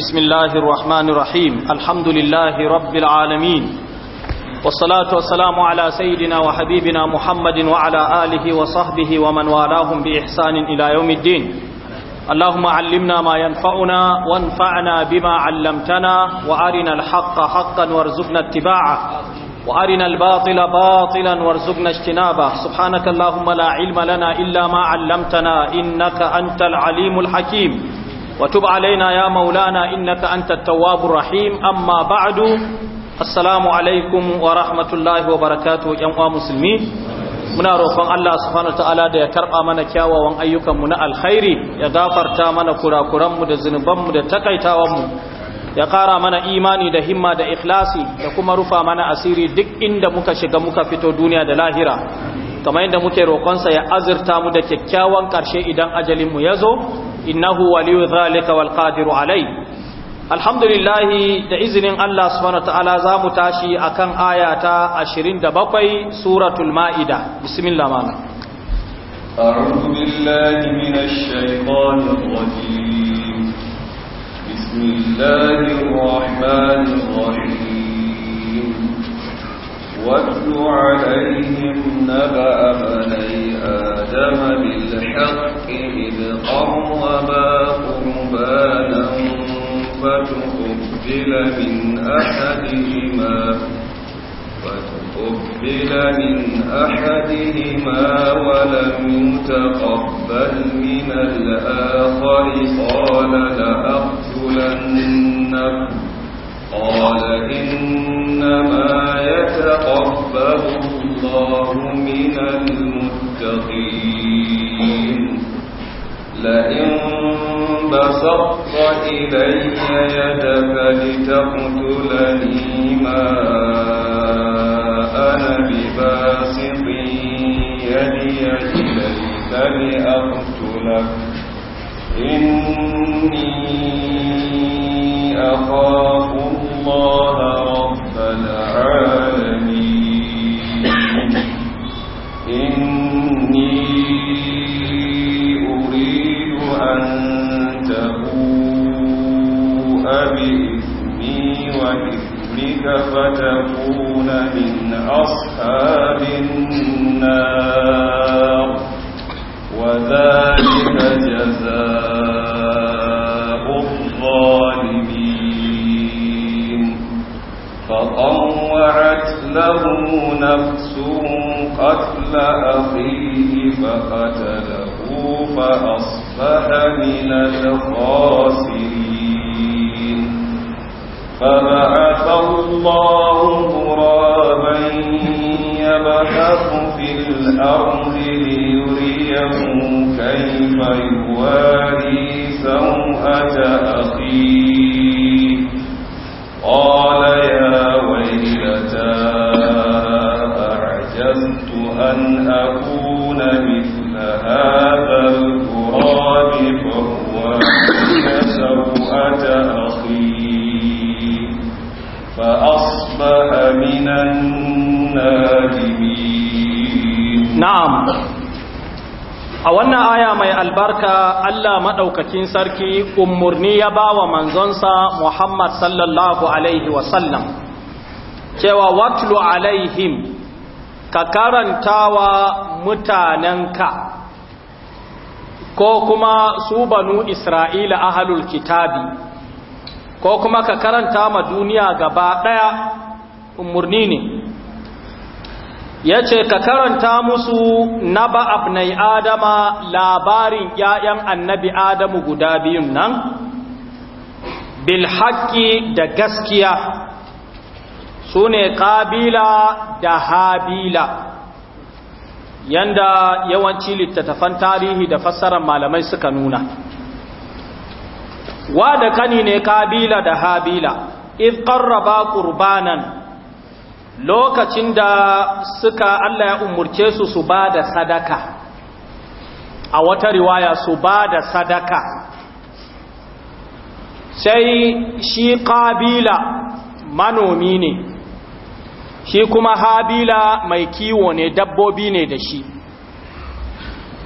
بسم الله الرحمن الرحيم الحمد لله رب العالمين والصلاة والسلام على سيدنا وحبيبنا محمد وعلى آله وصحبه ومن والاهم بإحسان إلى يوم الدين اللهم علمنا ما ينفعنا وانفعنا بما علمتنا وأرنا الحق حقا وارزقنا اتباعه وأرنا الباطل باطلا وارزقنا اجتنابه سبحانك اللهم لا علم لنا إلا ما علمتنا إنك أنت العليم الحكيم وتب علينا يا مولانا إنك أنت amma ba'adu asalamu بعد السلام عليكم wa الله yan uwa musulmi. muna roƙon Allah subhanahu wataala ya karɓa mana kyawawan ayyukanmu na alkhairi ya gafarta mana kurakuranmu da zunubanmu da takaitawanmu ya ƙara mana imani da himma da ikhlasi da kuma rufa mana asiri duk inda muka shiga muka fito duniya da lahira kamar yadda muke roƙonsa ya azurta mu da kyakkyawan ƙarshe idan ajalinmu ya zo إنه ولي ذلك والقادر عليه الحمد لله تعزن الله سبحانه وتعالى زام تاشي أكان آياتا أشرين دبقي سورة المائدة بسم الله مانا أعوذ بالله من الشيطان الرجيم بسم الله الرحمن الرحيم واتل عليهم نبأ بني آدم بالحق إذ قربا قربانا فتقبل من أحدهما فتقبل من أحدهما ولم يتقبل من الآخر قال لأقتلنك قال إنما يتقبل الله من المتقين لئن بسطت إلي يدك لتقتلني ما أنا بباسط يدي إليك لأقتلك إني أخاف الله رب العالمين إني أريد أن تبوء بإثمي وإثمك فتكون من أصحاب النار وذلك جزاء الظالمين فطوعت له نفسه قتل أخيه فقتله فأصبح من الخاسرين فبعث الله غرابا يبحث في الأرض ليريه كيف يواري سوءة أخيه قال يا أعجزت أن أكون مثل هذا الغراب فهو سوءة أخي فأصبح من النادمين نعم a wannan aya mai albarka Allah maɗaukakin sarki umarni ya ba wa manzonsa Muhammad sallallahu Alaihi wasallam cewa watlu alaihim ka karantawa mutanenka ko kuma su banu isra'ila ahalul kitabi ko kuma ka karanta ma duniya gaba ɗaya umurni ne ya ce ka karanta musu na ba abnai adama labarin ‘ya'yan annabi adamu guda biyun nan bil bilhaki da gaskiya su ne ƙabila da habila yanda yawanci littattafan tarihi da fassarar malamai suka nuna wa da kani ne kabila da habila if qarraba qurbanan lokacin da suka Allah ya umurce su su da sadaka a wata riwaya su ba da sadaka sai shi kabila manomi ne shi kuma habila mai kiwo ne dabbobi ne da shi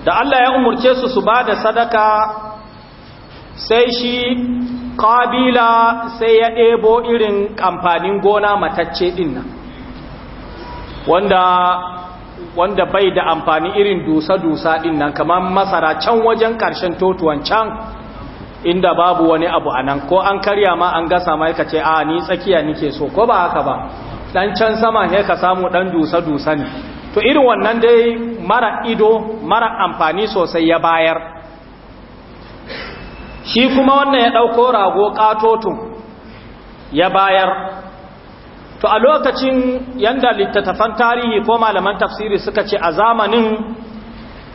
da Allah ya umurce su su ba da sadaka sai shi kabila sai ya ɗebo irin amfanin gona matacce ɗin nan wanda wanda bai da amfani irin dusa-dusa ɗin nan kamar masara can wajen ƙarshen totuwan can inda babu wani abu a nan ko an karya ma an gasa ma ya kace a ni tsakiya nike so ko ba haka ba dan can sama ne ka samu dan dusa-dusa ne to irin wannan dai mara ido mara amfani sosai ya bayar shi kuma wannan ya ɗauko rago ƙatotun ya bayar to a lokacin yanda littattafan tarihi ko malaman tafsiri suka ce a zamanin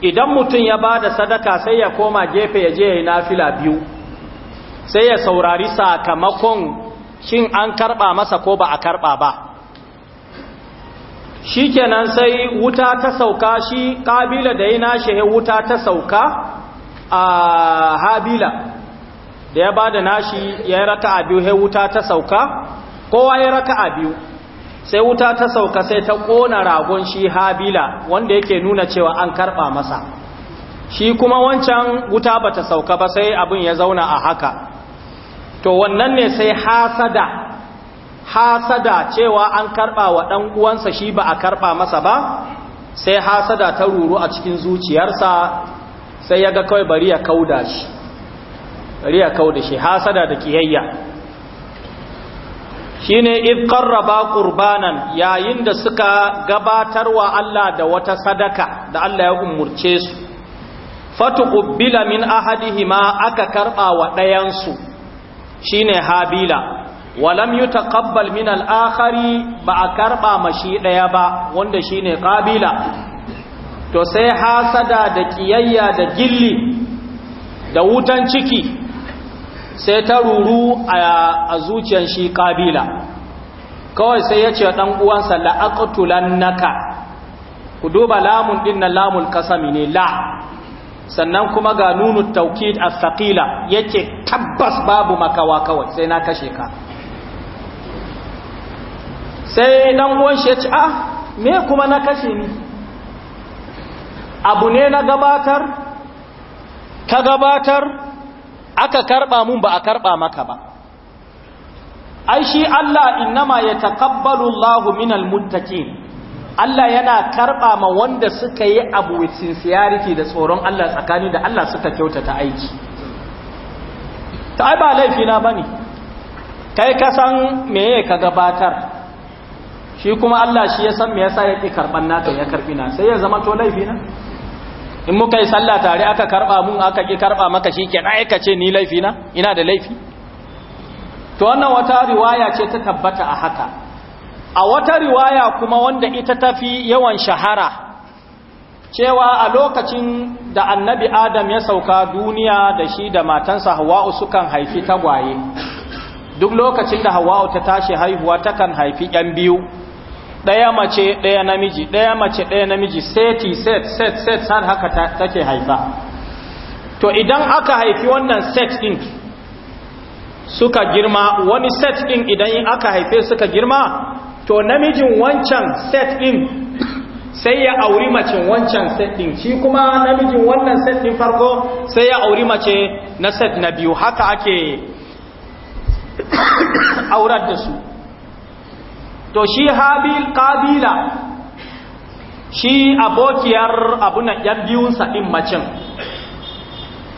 idan mutum ya bada sadaka sai ya koma gefe ya je ya yi nafila biyu sai ya saurari sakamakon shin an karɓa masa ko ba a karɓa ba shi kenan sai wuta ta sauka shi kabila da ya nashi wuta ta sauka a habila da ya bada nashi ya yi a biyu wuta ta sauka kowa ya a biyu sai wuta ta sauka sai ta kona ragon shi habila wanda yake nuna cewa an karɓa masa shi kuma wancan wuta ba ta sauka ba sai abin ya zauna a haka to wannan ne sai hasada hasada cewa an karɓa wa ɗan uwansa shi ba a karɓa masa ba sai hasada ta ruru a cikin zuciyarsa sai ya ga kawai bari ya kauda shi bari ya kauda shi hasada da kiyayya shine id qarraba qurbanan yayin da suka gabatar wa Allah da wata sadaka da Allah ya umurce su fatuqbila min ahadihima aka karɓa wa ɗayansu shi shine habila walam yi taƙabbal min al'akari ba a karɓa mashi ɗaya ba wanda shi ne ƙabila to sai hasada da ƙiyayya da gilli da wutan ciki sai ta ruru a zuciyar shi ƙabila kawai sai ya ce ɗan uwansa la'aƙutulan naka ku duba lamun ɗin na lamun ƙasami ne la sannan kuma ga nunu taukid a saƙila yake tabbas babu makawa kawai sai na kashe ka sai dan uwan shi ya ce ah me kuma na kashe ni abu ne na gabatar ka gabatar aka karba mun ba a karba maka ba ai shi Allah innama ya taqabbalu Allahu minal muttaqin Allah yana karɓa ma wanda suka yi abu with sincerity da tsoron Allah tsakani da Allah suka kyautata aiki. Ta ai ba laifina ba ne, kai kasan meye ka gabatar, shi kuma Allah shi ya san me yasa ya karban nata ya karbi na sai ya zama to laifi na in muka yi sallah tare aka karba mun aka ki karba maka shikenan ai ka ni laifi na ina da laifi to wannan wata riwaya ce ta tabbata a haka a wata riwaya kuma wanda ita tafi yawan shahara cewa a lokacin da annabi adam ya sauka duniya da shi da matansa hawa'u sukan haifi tagwaye duk lokacin da hawa'u ta tashi haihuwa takan haifi yan biyu ɗaya mace ɗaya namiji ɗaya mace ɗaya namiji seti set set set har haka take haifa to idan aka haifi wannan set ɗin suka girma wani set ɗin idan aka haife suka girma to namijin wancan set ɗin sai ya auri mace wancan set ɗin shi kuma namijin wannan set ɗin farko sai ya auri mace na set na biyu haka ake aurar da su to shi habil kabila shi abokiyar abunan yan biyunsa ɗin macin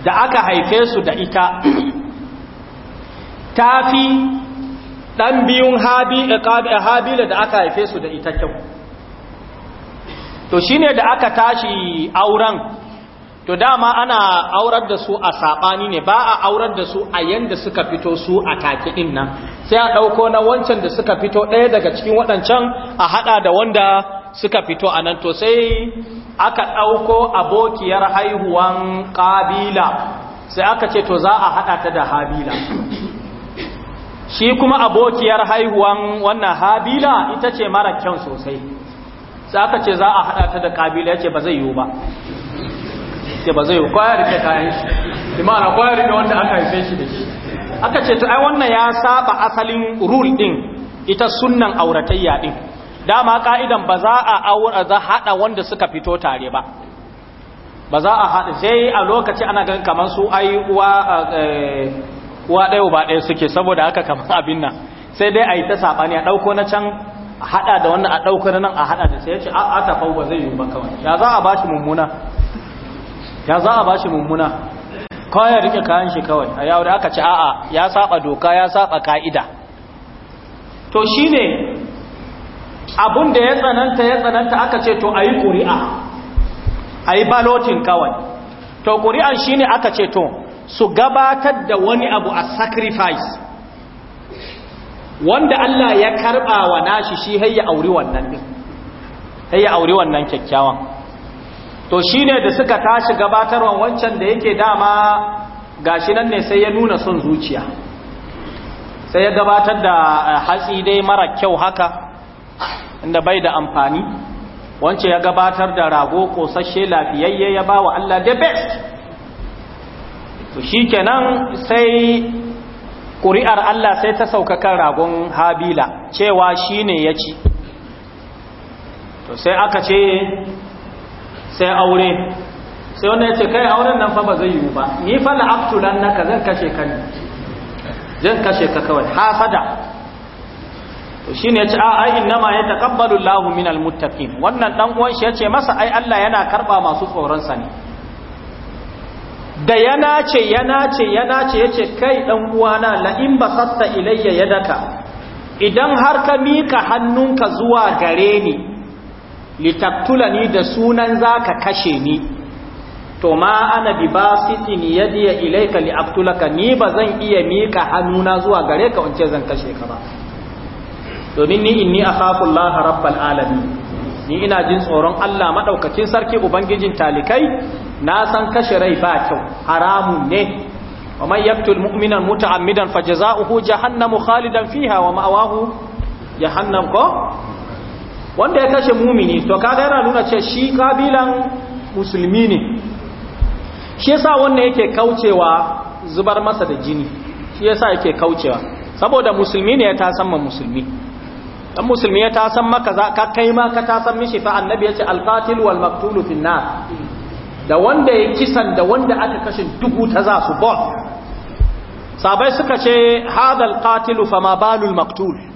da aka haife su da ita ta fi ɗan biyun eh, eh, habila da aka haife su da ita kyau to shi ne da aka tashi auren to dama ana aurar da su a saɓani ne ba a aurar da su a yanda suka fito su a take din nan sai a ɗauko na wancan da suka fito ɗaya daga cikin waɗancan a haɗa da wanda suka fito a nan to sai aka ɗauko abokiyar haihuwan kabila, sai aka ce to za a haɗa ta da habila shi kuma abokiyar haihuwan wannan habila ita ce mara kyan sosai sai aka ce za a haɗa ta da kabila. ya ba zai yiwu ba ke ba zai kwayar ke kayan shi imana kwayar da wanda aka haife shi da shi aka ce to ai wannan ya saba asalin rule din ita sunnan auratayya din dama ka'idan ba za a aura za hada wanda suka fito tare ba ba za a hada sai a lokaci ana ganin kamar su ai uwa eh, uwa ɗaya uba ɗaya suke saboda haka kamar abin nan sai dai a yi ta sabani a ɗauko na can haɗa da wannan a ɗauko na nan a haɗa da sai ya ce a ta fau ba zai yi ba kawai ya za a ba shi mummuna ya za a bashi mummuna kawai ya rike kayan shi kawai a yawon aka ci a'a ya saba doka ya saba ka'ida to shi ne abinda ya tsananta ya tsananta aka ce to a yi ƙuri'a yi balotin kawai to ƙuri'an ne aka ce to su gabatar da wani abu a sacrifice wanda Allah ya karɓa wa nashi shi hayya aure wannan din hayya auri wannan kyakkyawan to shine da suka tashi gabatarwa wancan da yake dama gashi nan ne sai ya nuna son zuciya sai ya gabatar da eh, hatsi dai mara kyau haka inda bai da amfani wance ya gabatar da rago kosashe lafiyayye ya ba wa Allah the best to shi kenan sai ƙuri'ar Allah sai ta sauka kan ragon habila cewa shi ne ya ci to sai aka ce sai aure sai wanda ya ce kai auren nan fa ba zai yiwu ba ni fa la'abtulan naka zan kashe ka ne zan kashe ka kawai hasada to shine yace a ai innama ya taqabbalu Allahu minal muttaqin wannan dan uwan shi yace masa ai Allah yana karba masu tsoron sa ne da yana ce yana ce yana ce yace kai dan uwana la in basatta ilayya yadaka idan har ka mika hannunka zuwa gare ni ni da sunan zaka kashe ni to ma ana bi basitin yadiya ilayka liaktulaka ni ba zan iya mika hannuna zuwa gare ka unce zan kashe ka ba domin ni inni akhafu Allah rabbal alamin ni ina jin tsoron Allah madaukakin sarki ubangijin talikai na san kashe rai ba kyau haramun ne wa man yaqtul mu'mina muta'ammidan fajaza'uhu jahannamu khalidan fiha wa ma'awahu jahannam ko wanda ya kashe mumini to kaga yana nuna ce shi kabilan musulmi ne shi yasa wanda yake kaucewa zubar masa da jini shi yasa yake kaucewa saboda musulmi ne ya tasan ma musulmi dan musulmi ya tasan maka za ka kai ma ka tasan mishi fa annabi yace al-qatil wal maqtul fi nar da wanda ya kisan da wanda aka kashe duku ta za su bon sabai suka ce hadal katilu fama balul maqtul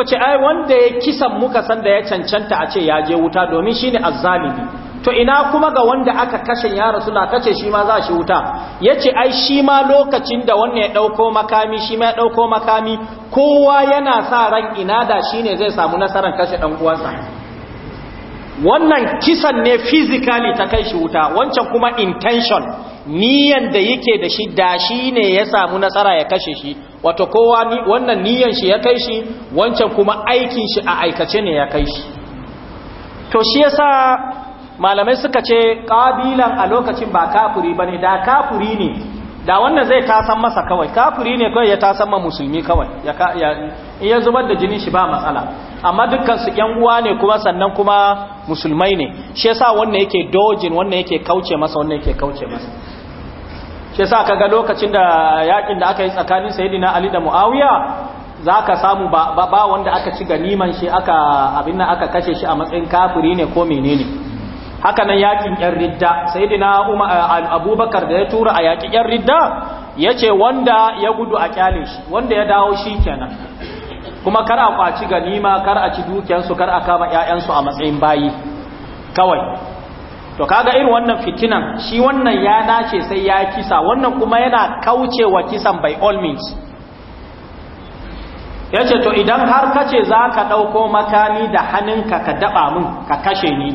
suka ce ai wanda ya kisan muka san da ya cancanta a ce ya je wuta domin shine azzalimi to ina kuma ga wanda aka kashe ya rasulullah kace shi ma za shi wuta yace ai shi ma lokacin da wannan ya dauko makami shi ma ya dauko makami kowa yana sa ran ina da shine zai samu nasarar kashe dan uwansa wannan kisan ne physically ta kai shi wuta wancan kuma intention niyan da yake da shi da shi ne ya samu nasara ya kashe shi wato kowa wannan niyan shi ya kai shi wancan kuma aikin shi a aikace ne ya kai shi to shi yasa malamai suka ce kabilan a lokacin ba kafuri bane da kafuri ne da wannan zai tasan masa kawai kafuri ne kawai ya tasan ma musulmi kawai ya zubar da jini shi ba matsala amma dukkan su yan uwa ne kuma sannan kuma musulmai ne shi yasa wannan yake dojin wannan yake kauce masa wannan yake kauce masa shi sa kaga lokacin da yakin da aka yi tsakanin sayyidina Ali da Muawiya zaka samu ba, ba, wanda aka ci ganiman shi aka abin aka kashe shi a matsayin kafiri ne ko menene haka nan yakin yan ridda sayyidina Umar Abubakar da ya tura a yakin yan ridda yace wanda ya gudu a kyale shi wanda ya dawo shi kenan kuma kar a kwaci ganima kar a ci dukiyarsu kar a kama ƴaƴansu a matsayin bayi kawai to kaga irin wannan fitinan shi wannan ya dace sai ya kisa wannan kuma yana kaucewa kisan by all means ya to idan har kace za ka ɗauko makami da hannunka ka daɓa min ka kashe ni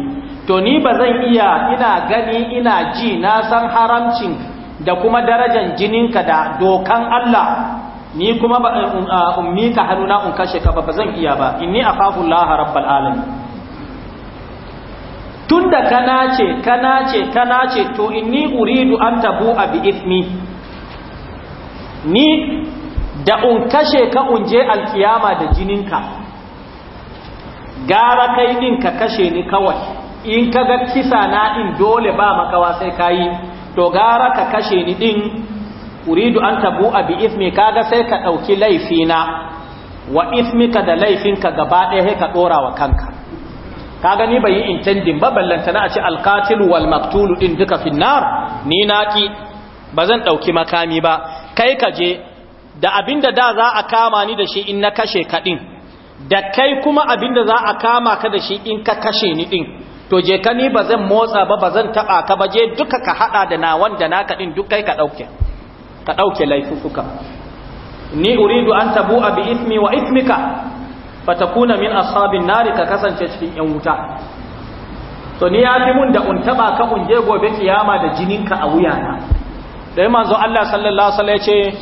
to ni ba zan iya ina gani ina ji na san haramcin da kuma darajan jininka da dokan Allah ni kuma ba in ka uh, hannuna in kashe ka ba zan iya ba inni akhafu Allah rabbal alamin tunda kana ce kana ce kana ce to inni uridu an tabu abi ifmi ni da un kashe ka unje alkiyama da jininka gara kai din ka kashe ni kawai in ka ga kisa na din dole ba makawa sai kayi to gara ka kashe ni din uridu an tabu abi ifmi kaga sai ka ɗauki laifina wa ka da laifinka gaba ɗaya ka ɗora wa kanka ka gani bai yi intendin ba ballantana a ce alkatilu wal maktulu in duka finnar ni naki ba zan ɗauki makami ba kai ka je da abinda da za a kama ni da shi in na kashe ka ɗin da kai kuma abinda za a kama ka da shi in ka kashe ni ɗin to je ka ni ba zan motsa ba ba zan taɓa ka ba je duka ka haɗa da na wanda naka ɗin duk kai ka ɗauke ka ɗauke laifuka ni uridu an tabu bi ismi wa ismika fatakuna min ashabin nari ka kasance cikin yan wuta to ni yafi mun da untaba ka unje gobe kiyama da jininka a wuyana dai manzo Allah sallallahu alaihi wasallam yace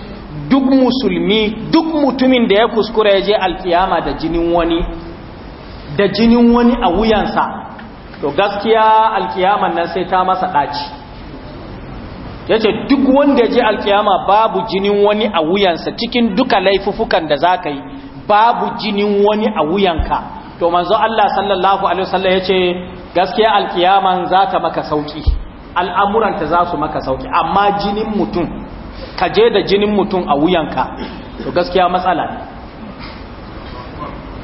duk musulmi duk mutumin da ya kuskura ya je alkiyama da jinin wani da jinin wani a wuyansa to gaskiya alƙiyaman nan sai ta masa daci yace duk wanda ya je alkiyama babu jinin wani a wuyansa cikin duka laifufukan da zaka yi babu jinin wani a wuyanka to manzo Allah sallallahu alaihi wasallam yace gaskiya alkiyaman za ta maka sauki al'amuranta za su maka sauki amma jinin mutum ka je da jinin mutum a wuyanka to gaskiya matsala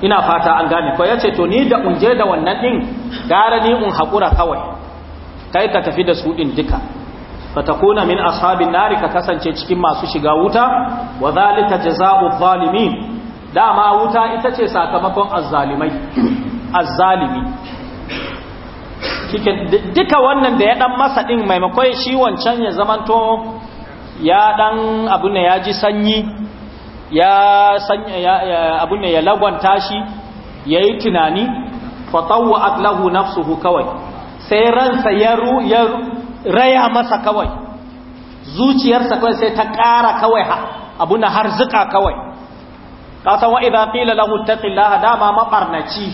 ina fata an gane ko yace to ni da unje da wannan din gara ni un hakura kawai kai ka tafi da su din duka fatakuna min ashabin nari ka kasance cikin masu shiga wuta wa zalika jazaa'u zalimin dama wuta ita ce sakamakon azzalimai azzalimi duka wannan da ya dan masa din maimakon shi wancan ya zamanto ya dan abu ne ya ji sanyi ya sanya abu ne ya lagwanta shi yayi tunani tawwa'at lahu nafsuhu kawai sai ransa ya ru ya raya masa kawai zuciyarsa kawai sai ta ƙara kawai abu na harzuka kawai kasan wa fila qila lahu taqillaha dama mabarnaci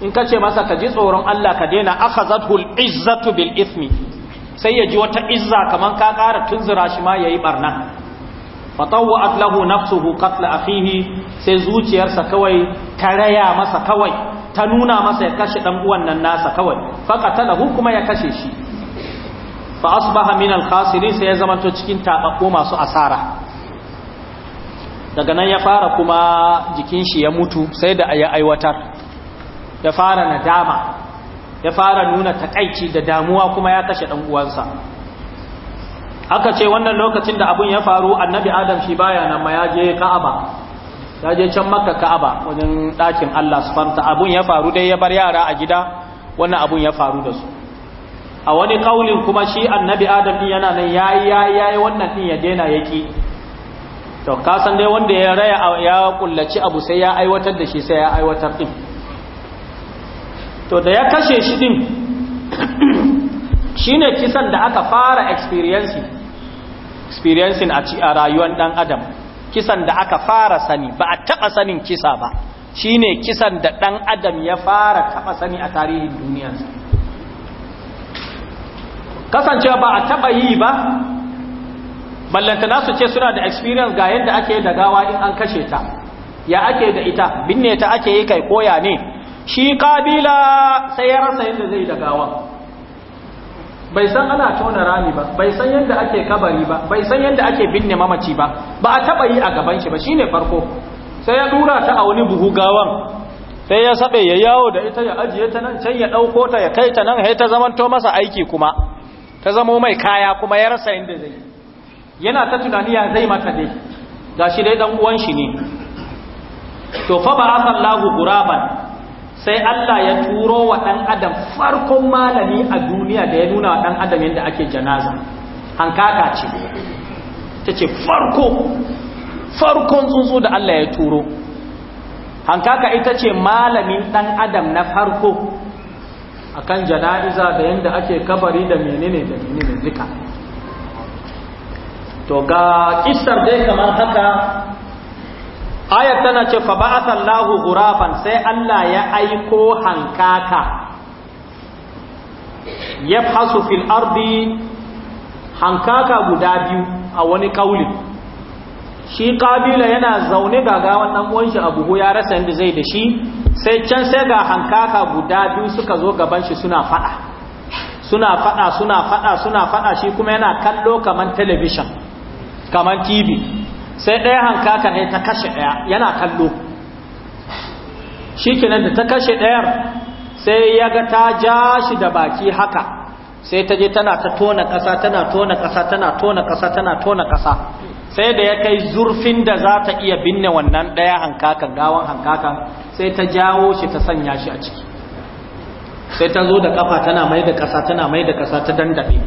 in kace masa ka ji tsoron Allah ka daina aka al-izzatu bil ismi sai ya ji wata izza kaman ka ƙara tunzura shi ma yayi barna fatawwa'at lahu nafsuhu a fihi, sai zuciyarsa kawai ta raya masa kawai ta nuna masa ya kashe ɗan uwan nan nasa kawai lahu kuma ya kashe shi fa asbaha min al-khasirin sai ya zama cikin tababbu masu asara daga nan ya fara kuma jikin shi ya mutu sai da ya aiwatar ya fara nadama ya fara nuna takaici da damuwa kuma ya kashe dan uwansa aka ce wannan lokacin da abun ya faru annabi adam shi baya nan ma ya je ka'aba ya je can makka ka'aba wajen ɗakin Allah subhanahu abun ya faru dai ya bar yara a gida wannan abun ya faru da su a wani kaulin kuma shi annabi adam din yana nan yayi yayi wannan din ya daina yaki to kasan dai wanda ya raya ya kullaci abu sai ya aiwatar da shi sai ya aiwatar din to da ya kashe shi din shine kisan da aka fara experiencing experiencing a rayuwar dan adam kisan da aka fara sani ba a taba sanin kisa ba shine kisan da dan adam ya fara taba sani a tarihin duniyarsa kasancewa ba a taba yi ba ballantana su ce suna da experience ga yadda ake da gawa in an kashe ta ya ake da ita binne ta ake yi kai koya ne shi kabila sai ya rasa yadda zai da gawan bai san ana tona rami ba bai san yadda ake kabari ba bai san yadda ake binne mamaci ba ba a taba yi a gaban shi ba shine farko sai ya dura ta a wani buhu gawan sai ya sabe ya yawo da ita ya ajiye ta nan can ya dauko ta ya kai ta nan sai ta zamanto masa aiki kuma ta zamo mai kaya kuma ya rasa inda zai yana ta tunani ya zai mata dai gashi dai dan uwan shi ne to fa ba lagu guraban sai Allah ya turo wa ɗan adam farkon malami a duniya da ya nuna wa ɗan adam yadda ake janaza hankaka ce ta ce farko farkon tsuntsu da Allah ya turo hankaka ita ce malamin ɗan adam na farko akan jana'iza da yadda ake kabari da menene da menene duka to ga kissar dai kamar haka ayat tana ce fa ba'atha Allahu ghurafan sai Allah ya aiko hankaka yabhasu fil ardi hankaka guda biyu a wani kauli shi kabila yana zaune ga gawan dan uwan shi Abu ya rasa inda zai da shi sai can sai ga hankaka guda biyu suka zo gaban shi suna fada suna fada suna fada suna fada shi kuma yana kallo kaman television kamar tv sai ɗaya hankaka ne ta kashe ɗaya yana kallo shi kenan da ta kashe ɗayar sai ya ga ta ja shi da baki haka sai ta je tana ta tona ƙasa tana tona ƙasa tana tona ƙasa tana tona ƙasa sai da ya kai zurfin da za ta iya binne wannan ɗaya hankakan gawan hankakan sai ta jawo shi ta sanya shi a ciki sai ta zo da ƙafa tana mai da ƙasa tana mai da ƙasa ta dandaɓe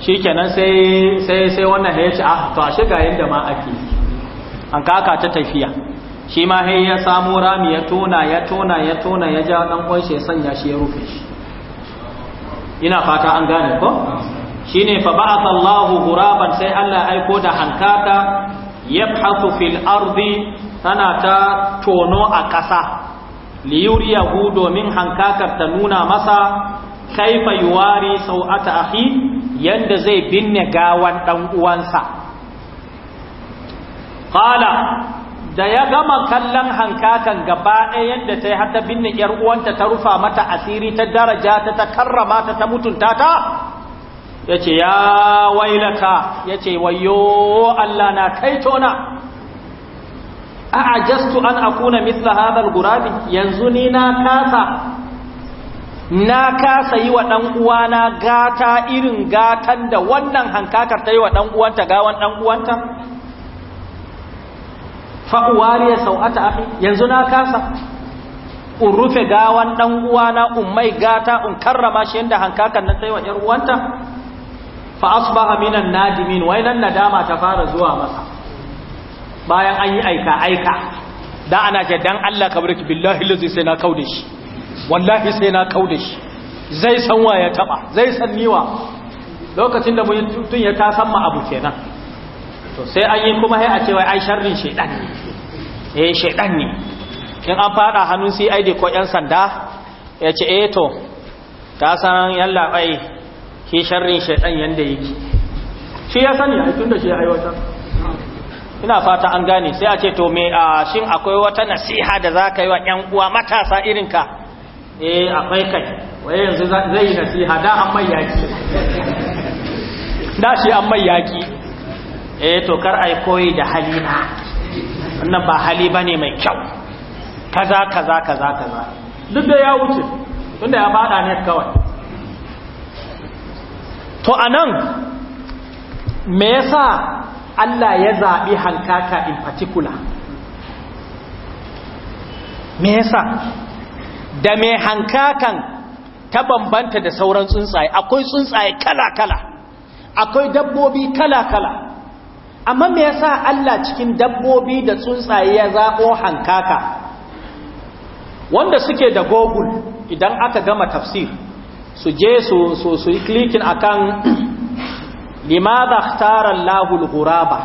Shi kenan sai sai wannan ya ce ah to a shiga yadda ma ake an kaka ta tafiya shi ma sai ya samu rami ya tona ya tona ya tona ya ja dan kwan sanya shi ya rufe shi ina fata an gane ko shine fa ba'athallahu ghuraban sai Allah aiko da hankaka yabhathu fil ardi tana ta tono a ƙasa liyuriyahu domin hankakar ta nuna masa kaifa yuwari sau'ata akhi yanda zai binne gawan ɗan uwansa Fala da ya gama kallon hankakan gaba ɗaya yadda ta yi har ta binne ‘yar uwanta ta rufa mata asiri ta daraja ta ta karrama ta ta mutunta ta ya ce ya wailata ya ce wayo Allah na kaitona a ajastu an akuna mitla hadal gurabi yanzu ni na kasa na kasa yi wa ɗan uwana gata irin gatan da wannan hankakar ta yi wa ɗan uwanta gawan ɗan uwanta fa'uwariya sau'ata afi yanzu na kasa in rufe gawan ɗan'uwana in mai gata in karrama shi yadda hankakar na ta yi wa ‘yar uwanta fa asbaha minan nadimin wai nan nadama ta fara zuwa masa bayan an yi aika aika da ana ce dan Allah ka barki billahi lazi sai na kaude shi wallahi sai na kaude shi zai san wa ya taba zai san niwa lokacin da mutum ya tasan ma abu kenan to sai an yi kuma sai a ce wai ai sharrin shedan ne eh shedan ne in an fada hannun CID ko yan sanda ya ce eh to ta san yalla bai ki sharrin shedan yanda yake shi ya sani tun tunda shi ya aiwatar ina fata an gane sai a ce to me shin akwai wata nasiha da za ka yi wa 'yan uwa matasa irinka eh akwai kai waye yanzu zai yi nasiha da an mai yaki da shi an mai yaki eh to kar ai koyi da halina wannan ba hali bane mai kyau kaza kaza kaza kaza duk da ya wuce tunda ya fada ne kawai to anan me yasa Allah ya zabi hankaka in particular me yasa da mai hankakan ta bambanta da sauran tsuntsaye akwai tsuntsaye kala-kala akwai dabbobi kala-kala amma me yasa Allah cikin dabbobi da tsuntsaye ya zaɓo hankaka wanda suke da google idan aka gama tafsir su je su su su klikin akan limadha ikhtara Allahul ghuraba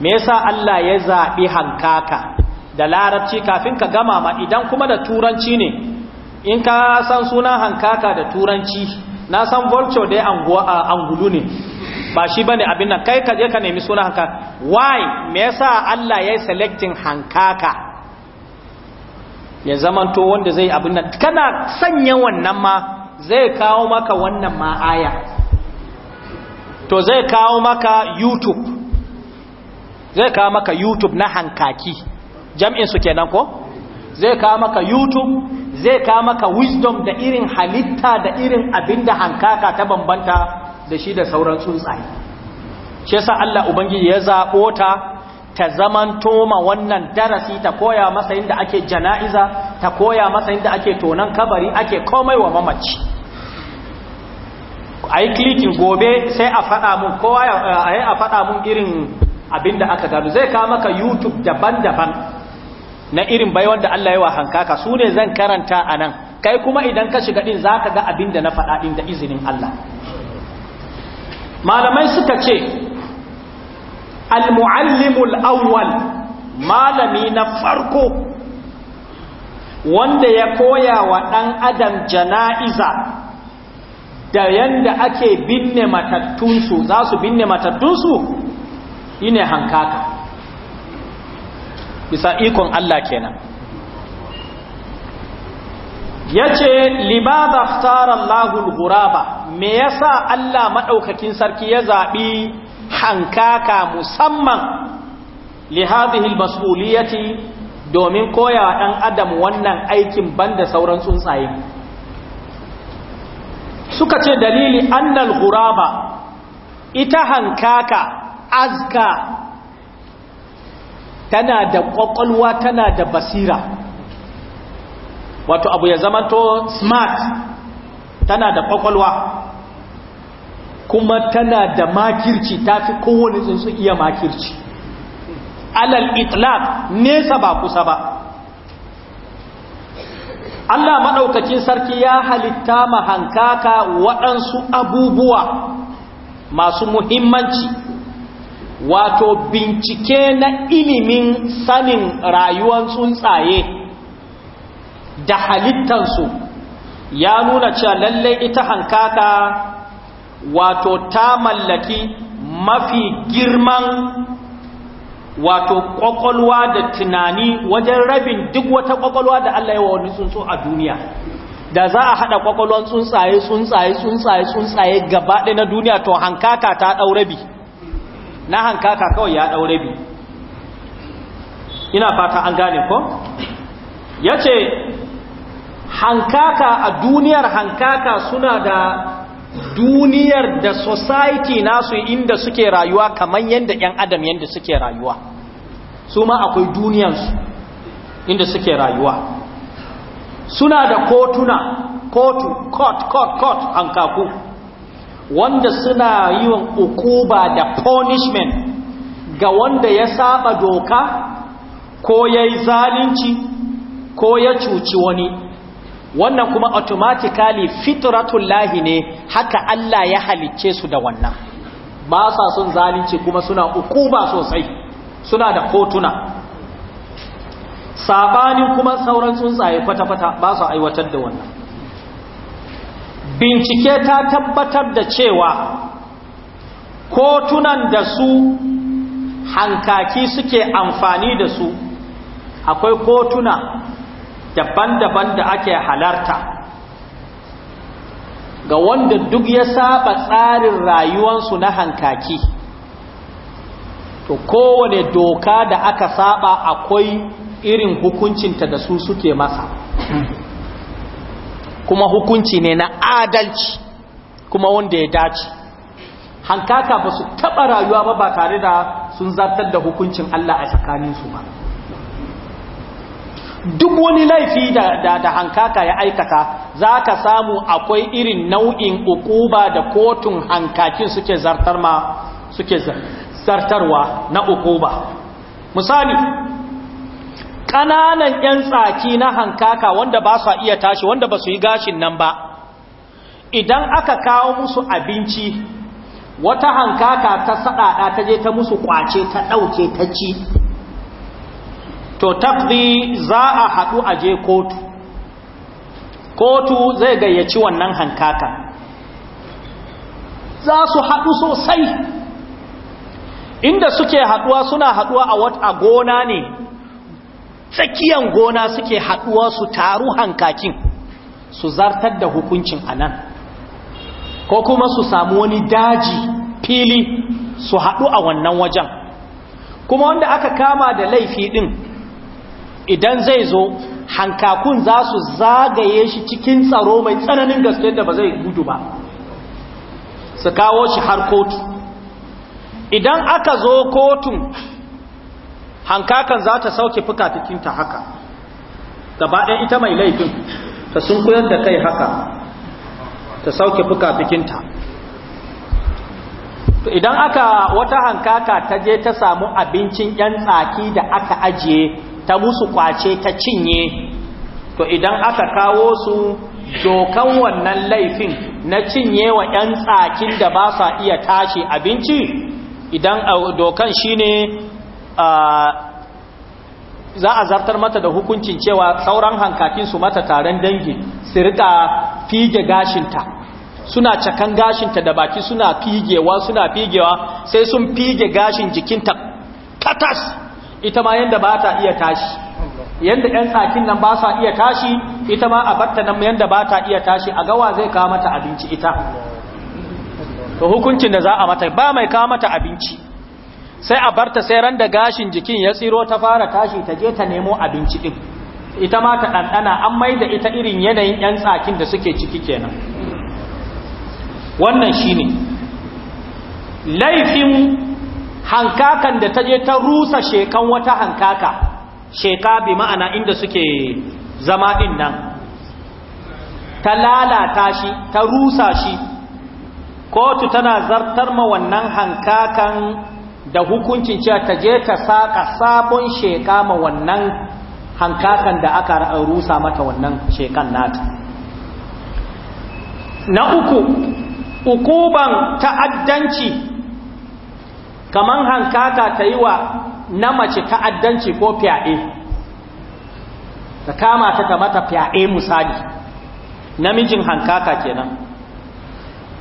me yasa Allah ya zaɓi hankaka da larabci kafin ka gama ma idan kuma da turanci ne in ka san sunan hankaka da turanci na san volcho dai angulu ne ba shi bane abin nan kai ka je ka nemi sunan hankaka why me yasa Allah yayi selecting hankaka ya to wanda zai abin nan kana sanya wannan ma zai kawo maka wannan ma aya to zai kawo maka youtube zai kawo maka youtube na hankaki jam'in su kenan ko zai kawo maka youtube zai kawo maka wisdom da irin halitta da irin abinda hankaka ta bambanta da shi da sauran tsuntsaye shi yasa Allah ubangiji ya zaɓo ta ta zaman toma wannan darasi ta koya masa inda ake jana'iza ta koya masa inda ake tonan kabari ake komai wa mamaci a yi klikin gobe sai a faɗa mun kowa a a faɗa mun irin abinda aka gano zai kawo maka youtube daban-daban na irin baiwar da Allah ya wa hankaka su ne zan karanta a nan kai kuma idan ka shiga ɗin za ka ga abin da na faɗa ɗin da izinin Allah malamai suka ce al-mu'allimul awwal malami na farko wanda ya koya wa ɗan adam jana'iza da yanda ake binne matattunsu za su binne matattunsu ine hankaka bisa ikon Allah kenan yace limadha ikhtara Allahu al-ghuraba me yasa Allah madaukakin sarki ya zabi hankaka musamman li hadhihi al-mas'uliyati domin koya dan adam wannan aikin banda sauran tsuntsaye suka ce dalili annal ghuraba ita hankaka azka tana da kwakwalwa tana da basira wato abu ya zama to smart tana da kwakwalwa kuma tana da makirci ta fi kowane tsuntsu iya makirci alal itlaq nesa ba kusa ba Allah maɗaukacin sarki ya halitta mahankaka waɗansu abubuwa masu muhimmanci wato bincike na ilimin sanin rayuwar tsuntsaye da halittansu ya nuna cewa lallai ita hankaka wato ta mallaki mafi girman wato kwakwalwa da tunani wajen rabin duk wata kwakwalwa da Allah yawa wani tsuntsu a duniya da za a haɗa kwakwalwan tsuntsaye tsuntsaye tsuntsaye tsuntsaye gabaɗe na duniya to hankaka ta rabi na hankaka kawai ya ɗaure bi ina fata an gane ko ya ce hankaka a duniyar hankaka suna da duniyar da society nasu inda suke rayuwa kamar yadda 'yan adam yadda suke rayuwa su ma akwai duniyarsu inda suke rayuwa suna da kotuna kotu kot kot kot hankaku wanda suna yi wa ukuba da punishment ga wanda ya saba doka ko ya yi zalunci ko ya cuci wani wannan kuma automatically fitratullahi ne haka Allah ya halicce su da wannan ba sa sun zalunci kuma suna ukuba sosai suna da kotuna. sabanin kuma sauran tsuntsaye kwata-kwata ba su aiwatar da wannan bincike ta tabbatar da cewa kotunan da su hankaki suke amfani da su akwai kotuna daban-daban da ake halarta ga wanda duk ya saba tsarin rayuwansu na hankaki to kowane doka da aka saba akwai irin hukuncinta da su suke masa kuma hukunci ne na adalci kuma wanda ya dace hankaka ba su taɓa rayuwa ba ba tare da sun zartar da hukuncin Allah a tsakaninsu ba duk wani laifi da, da, da hankaka ya aikata za ka samu akwai irin nau'in ukuba da kotun hankakin suke suke zartarwa na ukuba misali ƙananan 'yan tsaki na hankaka wanda ba su iya tashi wanda ba su yi gashin nan ba idan aka kawo musu abinci wata hankaka ta saɗaɗa ta je ta musu ƙwace ta ɗauke ta ci to tafdi za a haɗu a je kotu kotu zai gayyaci wannan hankaka za su haɗu sosai inda suke haɗuwa suna haɗuwa a gona ne tsakiyan gona suke haɗuwa su taru hankakin su zartar da hukuncin anan ko kuma su samu wani daji fili su haɗu a wannan wajen kuma wanda aka kama da laifi din idan zai zo hankakun za su zagaye shi cikin tsaro mai tsananin gaske da ba zai gudu ba su kawo shi har kotu idan aka zo kotun hankakan za ta sauke fukatakinta haka gaba ɗaya ita mai laifin ta sun koyar da kai haka ta sauke To idan aka wata hankaka ta je ta samu abincin yan tsaki da aka ajiye ta musu kwace ta cinye to idan aka kawo su dokan wannan laifin na cinye wa yan tsakin da ba sa iya tashi abinci idan eh, dokan shine za a zartar mata da hukuncin cewa sauran hankakin su mata taron dangi su rika fige gashinta suna cakan gashinta da baki suna figewa suna figewa sai sun fige gashin jikinta katas ita ma yadda ba ta iya tashi Yadda ƴan tsakin nan ba sa iya tashi ita ma a batta nan yadda ba ta iya tashi a gawa zai kawo mata abinci ita hukuncin da za a mata ba mai kawo mata abinci sai a barta sai ran da gashin jikin ya tsiro ta fara tashi ta je ta nemo abinci din ita ma ta ɗanɗana an mai da ita irin yanayin 'yan tsakin da suke ciki kenan wannan shine laifin hankakan da ta je ta rusa shekan wata hankaka sheka bi ma'ana inda suke zama ɗin nan ta lalata shi ta rusa shi kotu tana zartar ma wannan hankakan da hukuncin cewa ta je ta saka sabon sheka ma wannan hankakan da aka rusa mata wannan shekan nata na uku ukuban ta'addanci kaman hankaka ta yi wa na mace ta'addanci ko fyaɗe ta kama ta ta mata fyaɗe misali namijin hankaka kenan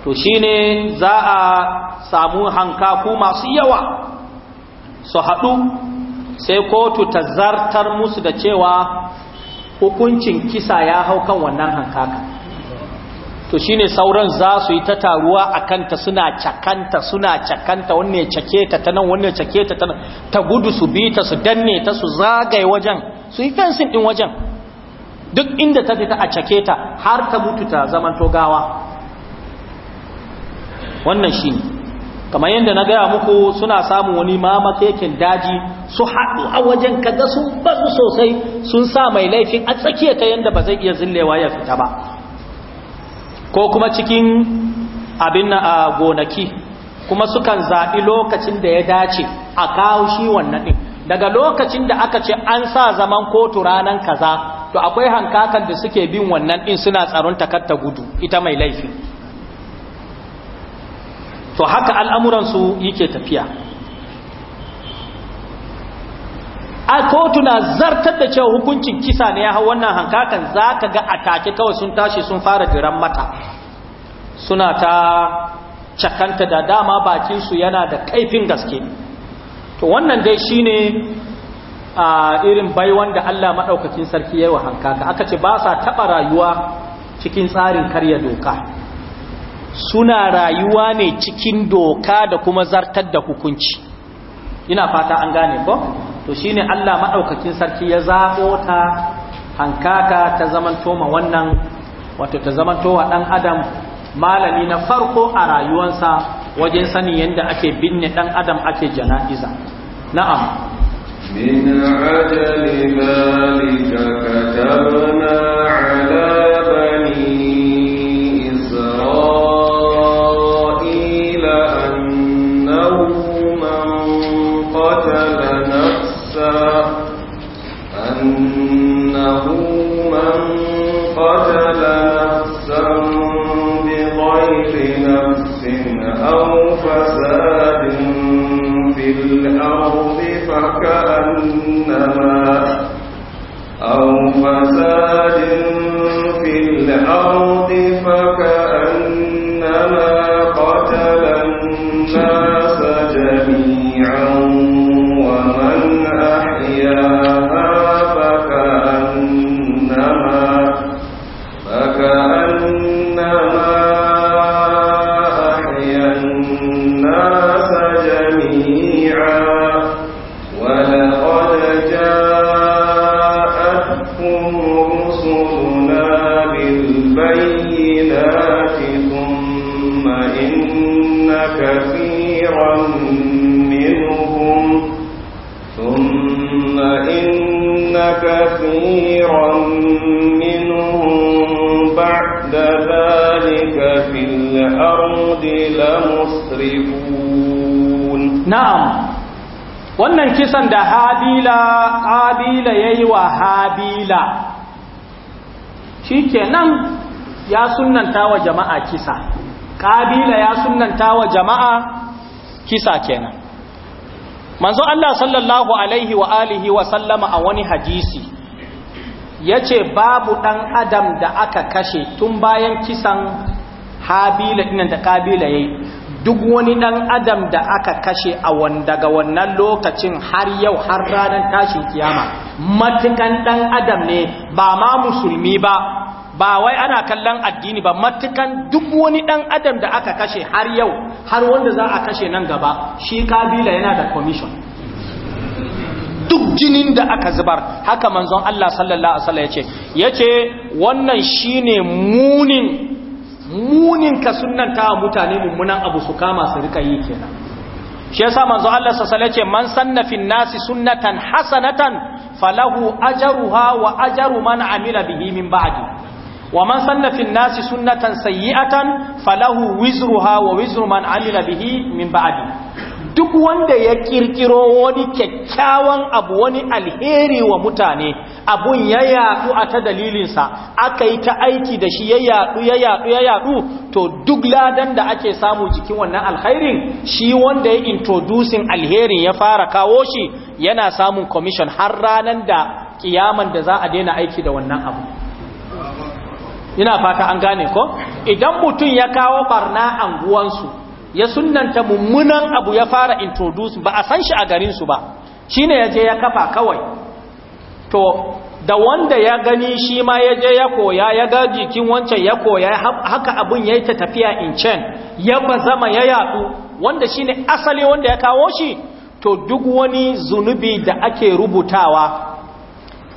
to shine za a samu hankaku masu yawa su haɗu sai kotu ta zartar musu da cewa hukuncin kisa ya hau kan wannan hankaka to shine sauran za su yi ta taruwa a kanta suna cakanta suna cakanta wanne cake ta ta nan wanne cake ta ta ta gudu su bi ta su danne ta su zagaye wajen su yi fensin ɗin wajen duk inda ta fita a cake ta har ta mutu ta zaman togawa wannan shi ne kamar yadda na gaya muku suna samun wani mamakekin daji su haɗu a wajen kaga sun basu sosai sun sa mai laifin a tsakiya ta yadda ba zai iya zillewa ya fita ba ko kuma cikin abin a gonaki kuma sukan zaɓi lokacin da ya dace a kawo shi wannan ɗin daga lokacin da aka ce an sa zaman kotu ranar kaza to akwai hankakan da suke bin wannan ɗin suna tsaron takatta gudu ita mai laifin to haka al'amuransu yake tafiya a kotuna zartar da cewa hukuncin kisa ne ya hau wannan hankakan za ka ga a take kawai sun tashi sun fara diran mata suna ta cakanta da dama bakinsu yana da kaifin gaske to wannan dai shine a irin baiwan da Allah maɗaukakin sarki yawa hankaka aka ce ba sa taɓa rayuwa cikin tsarin karya doka suna rayuwa ne cikin doka da kuma zartar da hukunci ina fata an gane ko to shine Allah madaukakin sarki ya zabo ta hankaka ta zamanto ma wannan wato ta zamantowa wa dan adam malami na farko a rayuwarsa wajen sanin yadda ake binne dan adam ake jana'iza na'am min ajali malika katabna ala قتل نفسا بغير أو فساد في الأرض فكأنما ƙabila ya yi wa habila shi kenan ya sunanta wa jama'a kisa kabila ya sunanta wa jama'a kisa kenan manzo Allah sallallahu alaihi wa alihi wa sallama a wani hadisi ya ce babu ɗan adam da aka kashe tun bayan kisan habila ɗinan da kabila ya yi duk wani ɗan adam da aka kashe a daga wannan lokacin har yau har ranar tashin kiyama matukan ɗan adam ne ba ma musulmi ba ba wai ana kallon addini ba matukan duk wani ɗan adam da aka kashe har yau har wanda za a kashe nan gaba shi kabila yana da commission duk jinin da aka zubar haka manzon Allah sallallahu alaihi wasallam yace yace wannan shine munin munin ka sunnanta mutane mummunan abu su kama su rika yi kenan shi yasa manzo Allah sallallahu ce man sannafin nasi sunnatan hasanatan falahu ajruha wa ajru man amila bihi min ba'di wa man sannafin nasi sunnatan sayyi'atan falahu wizruha wa wizru man amila bihi min ba'di duk wanda ya kirkiro wani kyakkyawan abu wani alheri wa mutane abun ya yadu a ta dalilinsa aka yi ta aiki da shi ya yaɗu ya yadu ya yadu to duk ladan da ake samu jikin wannan alherin shi wanda ya introducing alherin ya fara kawo shi yana samun commission har ranar da kiyaman da za a daina aiki da wannan abu ina fata an gane ko idan mutum ya kawo barna anguwansu ya sunanta mummunan abu ya fara introduce ba a san shi a garinsu ba shi ne ya je ya kafa kawai to da wanda ya gani shi ma ya je ya koya ya ga jikin wancan ya koya haka abin ya yi ta tafiya in can ya zama ya yadu wanda shi ne asali wanda ya kawo shi to duk wani zunubi da ake rubutawa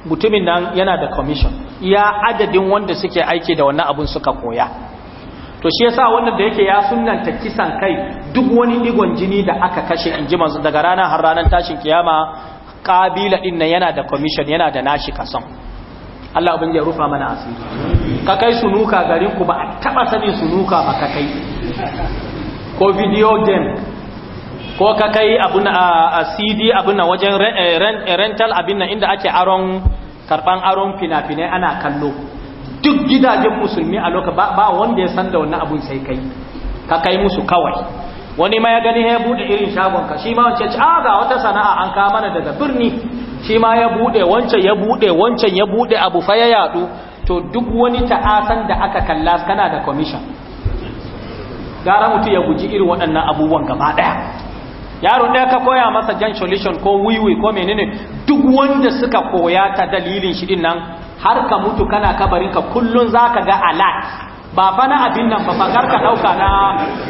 mutumin nan yana da commission ya adadin wanda suke aiki da wannan abin suka koya to shi yasa wannan da yake ya sunnanta kisan kai duk wani digon jini da aka kashe in ji manzo daga ranar har ranar tashin kiyama kabila din nan yana da commission yana da nashi kason Allah ubangiji ya rufa mana asiri ka kai sunuka garin ku ba a taba sanin sunuka ba ka kai ko video game ko ka kai abun a CD abun na wajen eh, eh, rental abin nan inda ake aron karban aron fina-finai ana kallo duk gidajen musulmi a loka ba wanda ya san da wannan abun sai kai ka kai musu kawai wani ma ya gani ya bude irin shagon ka shi ma wancan ci ah, ga wata sana'a an ka mana daga birni shi ma ya bude wancan ya bude wancan ya bude abu faya ya yadu to duk wani ta'asan da aka kalla kana da commission gara mutu ya guji irin waɗannan abubuwan gaba ɗaya yaro ɗaya ka koya masa jan solution ko wiwi ko menene duk wanda suka koya ta dalilin shi din nan har ka mutu kana kabarin ka kullun zaka ga alat ba fa na abin nan ba fa kar ka dauka na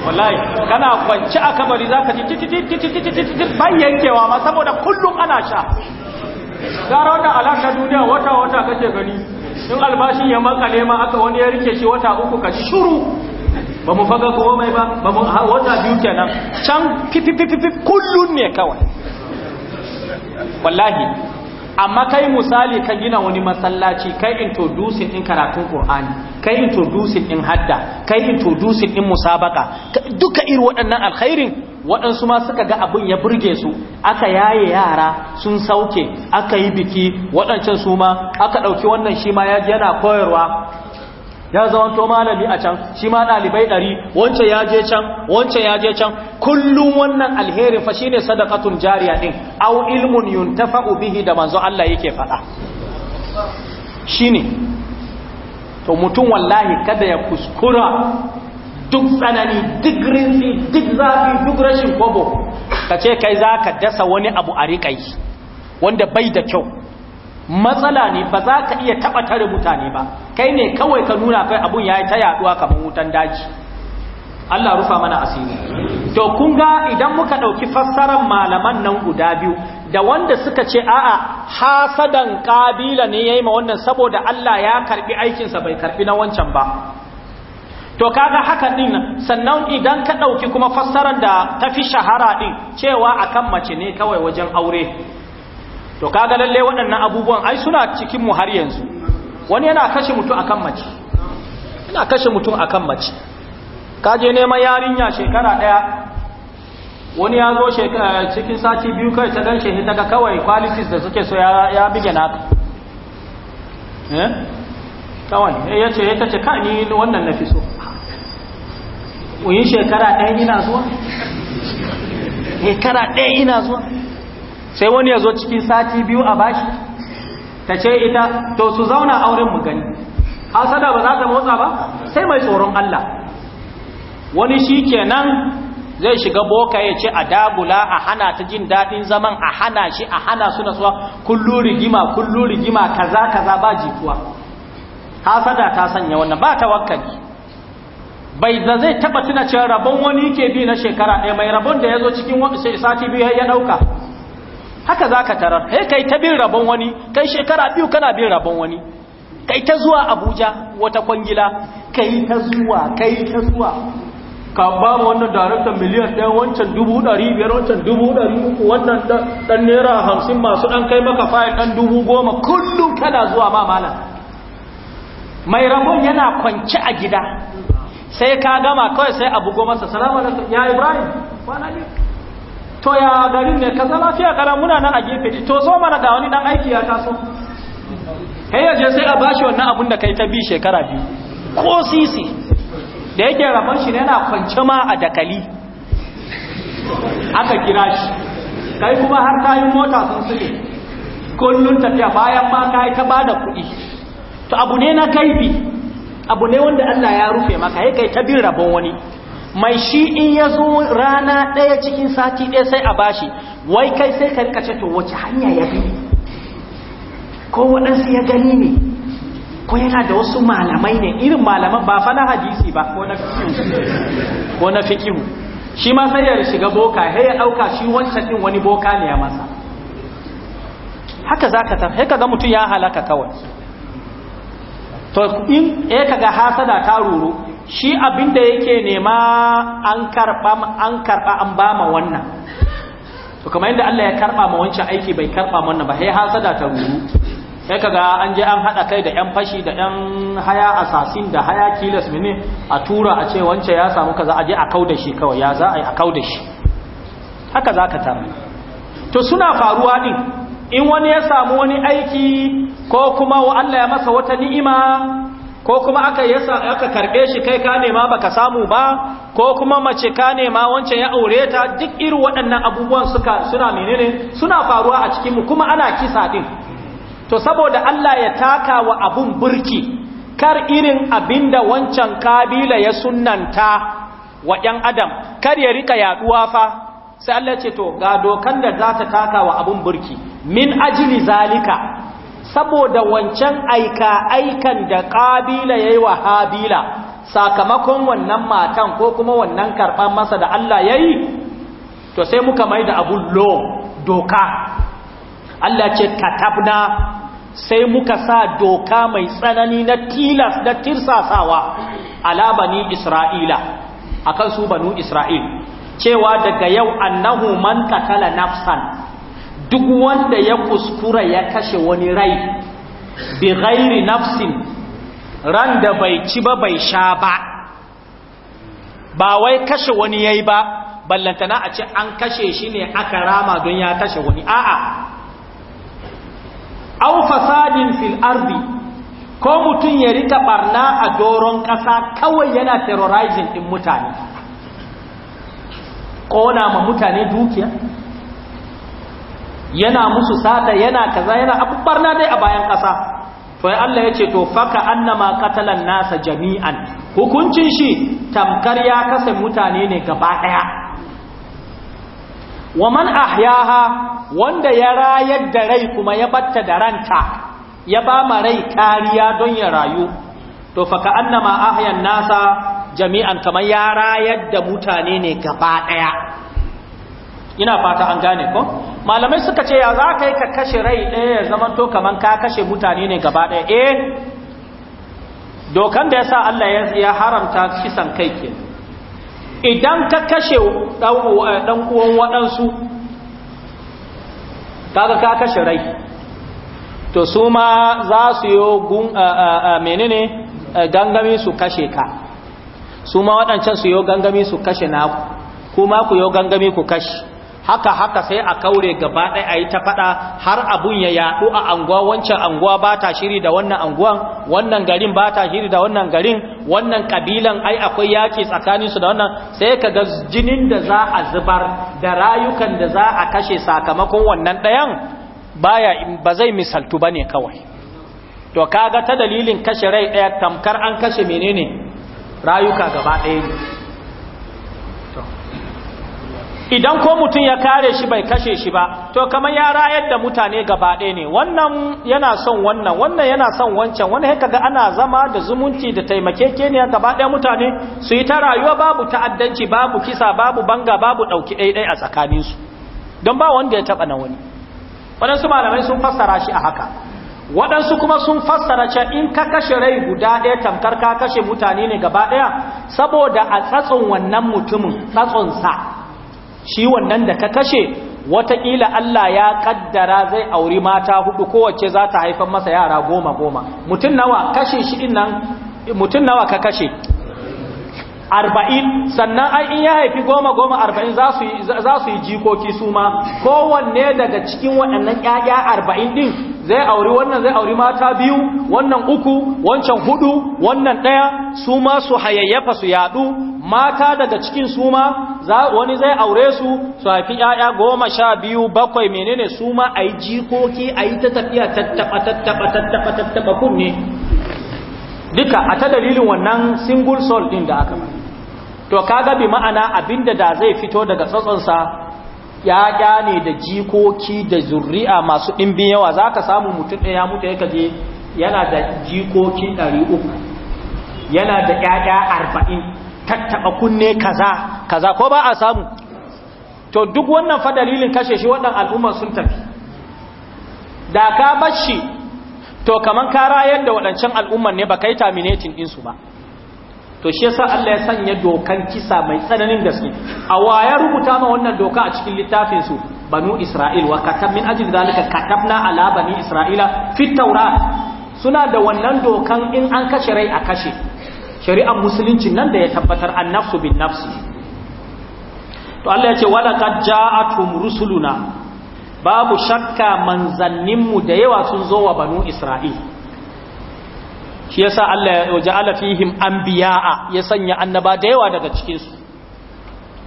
wallahi kana kwanci a kabari zaka ji ban yankewa ma saboda kullun ana sha gara wannan alat na duniya wata wata kake gani in albashin ya makale ma aka wani ya rike shi wata uku ka shuru ba mu faga mai ba ba mu wata biyu kenan can pipi kullun ne kawai wallahi amma kai misali ka gina wani masallaci kai introducing din karatun Qur'ani kai introducing din hadda kai introducing din musabaka duka irin waɗannan alkhairin waɗansu ma suka ga abin ya burge su aka yaye yara sun sauke aka yi biki waɗancan su ma aka ɗauki wannan shi ma yana koyarwa ya zama to malami a can shi ma ɗalibai ɗari wancan ya je can wancan ya je can kullum wannan alherin fa shine sadaqatun jariya din au ilmun yuntafa'u bihi da manzo Allah yake faɗa shine to mutum wallahi kada ya kuskura duk tsanani duk rinsi duk zafi duk rashin kwabo ka ce kai za ka dasa wani abu a riƙai wanda bai da kyau matsala ne ba za ka iya taɓa tare mutane ba kai ne kawai ka nuna kai abun ya yi ta yaduwa kamar wutan daji Allah rufa mana asiri to kun ga idan muka ɗauki fassarar malaman nan guda biyu da wanda suka ce a'a hasadan kabila ne yayi ma wannan saboda Allah ya karɓi aikinsa bai karɓi na wancan ba to kaga haka din sannan idan ka ɗauki kuma fassarar da tafi shahara din cewa akan mace ne kawai wajen aure to kaga lalle waɗannan abubuwan ai suna cikin mu har yanzu wani yana kashe mutum akan mace yana kashe mutum akan mace kaje neman yarinya shekara daya wani ya zo eh, cikin sati biyu kai ta gan shehi daga kawai qualities da suke so ya bige naka eh kawai eh, ya ce ya ce ka ni wannan na fi so uyin shekara daya ina zuwa shekara daya ina zuwa sai wani ya zo cikin sati biyu a bashi ta ce ita to su zauna auren mu gani hasada ba za ta motsa ba sai mai tsoron Allah wani shi kenan zai shiga boka ya ce a dagula a hana ta jin daɗin zaman a hana shi a hana su suwa kullu rigima kullu rigima kaza kaza ba jituwa hasada ta sanya wannan ba tawakkali bai da zai taba tuna cewa rabon wani ke bi na shekara ɗaya mai rabon da ya zo cikin sati biyu ya ɗauka haka za ka tarar he kai ta bin rabon wani kai shekara biyu kana bin rabon wani kai ta zuwa abuja wata kwangila kai ta zuwa kai ta zuwa ka ba mu wannan daraktan miliyan ɗaya wancan dubu ɗari biyar wancan dubu ɗari uku wannan ɗan naira hamsin masu ɗan kai maka fayil ɗan dubu goma kullum kana zuwa ma malam mai rabon yana kwance a gida sai ka gama kawai sai abu goma sa salamu alaikum ya ibrahim kwana ne? to ya garin ne kaza lafiya kara muna nan a gefe to zo mana ga wani dan aiki ya taso kai je sai a bashi wannan abun da kai ta bi shekara biyu ko sisi da yake rabon shi yana kwance ma a dakali aka kira shi kai kuma har kayan mota sun suke kullun tafiya bayan ma kai ta da kuɗi to abu ne na kaifi abu ne wanda Allah ya rufe maka kai kai ta bin rabon wani mai shi in ya zo rana ɗaya cikin sati ɗaya sai a bashi wai kai sai ka rika to wace hanya ya bi ko waɗansu ya gani ne ko yana da wasu malamai ne irin malaman ba fa na hadisi ba ko na fikihu ko na fikihu shi ma sai ya shiga boka sai ya ɗauka shi wancan ɗin wani boka ne ya masa haka za ka tafi haka ga mutum ya halaka kawai to in ya kaga hasada ta ruru shi abinda yake nema an karba an karba an bama wannan to kamar yadda Allah ya karba ma wancan aiki bai karba ma wannan ba sai hasada ta ruru sai kaga an je an hada kai da yan fashi da yan haya assassin da haya killers mene a tura a ce wancan ya samu kaza a je a kauda shi kawai ya za a yi a kauda shi haka zaka tamu to suna faruwa din in wani ya samu wani aiki ko kuma Allah ya masa wata ni'ima ko kuma aka yasa aka karbe shi kai ka nema baka samu ba ko kuma mace ka nema wancan ya aure ta duk irin waɗannan abubuwan suka suna menene suna faruwa a cikin mu kuma ana kisa din to saboda Allah ya taka wa abun burki kar irin abinda wancan kabila ya sunnanta wa ɗan adam kar ya rika yaduwa fa sai Allah ce to ga dokan da za ta taka wa abun burki min ajli zalika saboda wancan aika aikan da ƙabila ya yi wa habila sakamakon wannan matan ko kuma wannan karɓar masa da Allah ya yi to sai muka mai da abun lo doka Allah ce katabna sai muka sa doka mai tsanani na tilas na tirsasawa ala bani isra'ila akan su banu isra'il cewa daga yau annahu man katala nafsan duk wanda ya kuskura ya kashe wani rai bi ghairi nafsin ran da bai ci ba bai sha ba ba wai kashe wani yayi ba ballantana a ce an kashe shi ne aka rama don ya kashe wani a'a au fasadin fil ardi ko mutum ya rika barna a doron ƙasa kawai yana terrorizing din mutane ƙona ma mutane dukiya yana musu sata yana kaza yana abubuwar na dai a bayan ƙasa to ya Allah ya ce to faka annama katalan nasa jami'an hukuncin shi tamkar ya kasa mutane ne gaba ɗaya wa man ahyaha wanda ya rayar da rai kuma ya batta da ranta ya ba ma rai kariya don ya rayu to faka annama ahyan nasa jami'an kamar ya rayar da mutane ne gaba ɗaya ina fata an gane ko malamai suka ce ya za ka yi ka kashe rai ɗaya ya zama to kamar ka kashe mutane ne gaba ɗaya eh dokan da ya sa Allah ya haramta kisan kai ke idan ka kashe eh, ɗan uwan waɗansu kaga ka kashe rai to su ma za su yi eh, eh, menene gangami su kashe ka su ma waɗancan su yi gangami su kashe naku kuma ku yi gangami ku kashe haka haka sai a kaure gaba ɗaya a yi ta faɗa har abun ya yaɗu a anguwa wancan anguwa ba ta shiri da wannan anguwan wannan garin ba ta shiri da wannan garin wannan ƙabilan ai akwai yaƙi tsakaninsu da wannan sai ka ga jinin da za a zubar da rayukan da za a kashe sakamakon wannan ɗayan baya ba zai misaltu ba ne kawai to kaga ta dalilin kashe rai ɗaya tamkar an kashe menene rayuka gaba ɗaya idan ko mutum ya kare shi bai kashe shi ba to kamar ya rayar da mutane gaba ɗaya ne wannan yana son wannan wannan yana son wancan wani haka ga ana zama da zumunci da taimakekeniya gaba ɗaya mutane su yi ta rayuwa babu ta'addanci babu kisa babu banga babu ɗauki ɗaiɗai a tsakaninsu don ba wanda ya taɓa na wani waɗansu malamai sun fassara shi a haka waɗansu kuma sun fassara cewa in ka kashe rai guda ɗaya tamkar ka kashe mutane ne gaba ɗaya saboda a tsatson wannan mutumin sa. shi wannan da ka kashe wataƙila Allah ya ƙaddara zai auri mata hudu kowace za ta haifar masa yara goma goma mutum nawa kashe shi nan mutum nawa ka kashe arba'in sannan an in ya haifi goma goma arba'in za su yi jikoki su ma kowanne daga cikin waɗannan ƴaƴa arba'in ɗin zai auri wannan zai auri mata biyu wannan uku wancan hudu wannan ɗaya su ma su hayayyafa su yaɗu mata daga cikin su ma wani zai aure su su haifi ƴaƴa goma sha biyu bakwai menene su ma a yi jikoki a yi ta tafiya tattaɓa tattaɓa tattaɓa tattaɓa kunne duka a ta dalilin wannan single soul ɗin da aka ba to kaga bi ma'ana abinda da zai fito daga sa ya ne da jikoki da zurri'a masu ɗimbin yawa za ka samu mutum ɗaya mutu ya kaje yana da jikoki 300 yana da ƴaƴa arba'in tattaɓa kunne kaza kaza ko ba a samu to duk wannan fa dalilin kashe shi waɗannan al'umma sun tafi da ka bashi to kaman ka rayar da waɗancan al'umman ne ba kai terminating ɗinsu ba to shi yasa Allah ya sanya dokan kisa mai tsananin gaske a waya rubuta ma wannan doka a cikin littafin su banu Isra'il wa katab min ajli zalika katabna ala bani Isra'ila fi tawrat suna da wannan dokan in an kashe rai a kashe shari'ar musulunci nan da ya tabbatar annafsu bin nafsi to Allah ya ce wala kad ja'atum rusuluna babu shakka manzanninmu da yawa sun zo wa banu Isra'il shi yasa Allah ya ja'ala fihim anbiya'a ya sanya annaba da yawa daga cikin su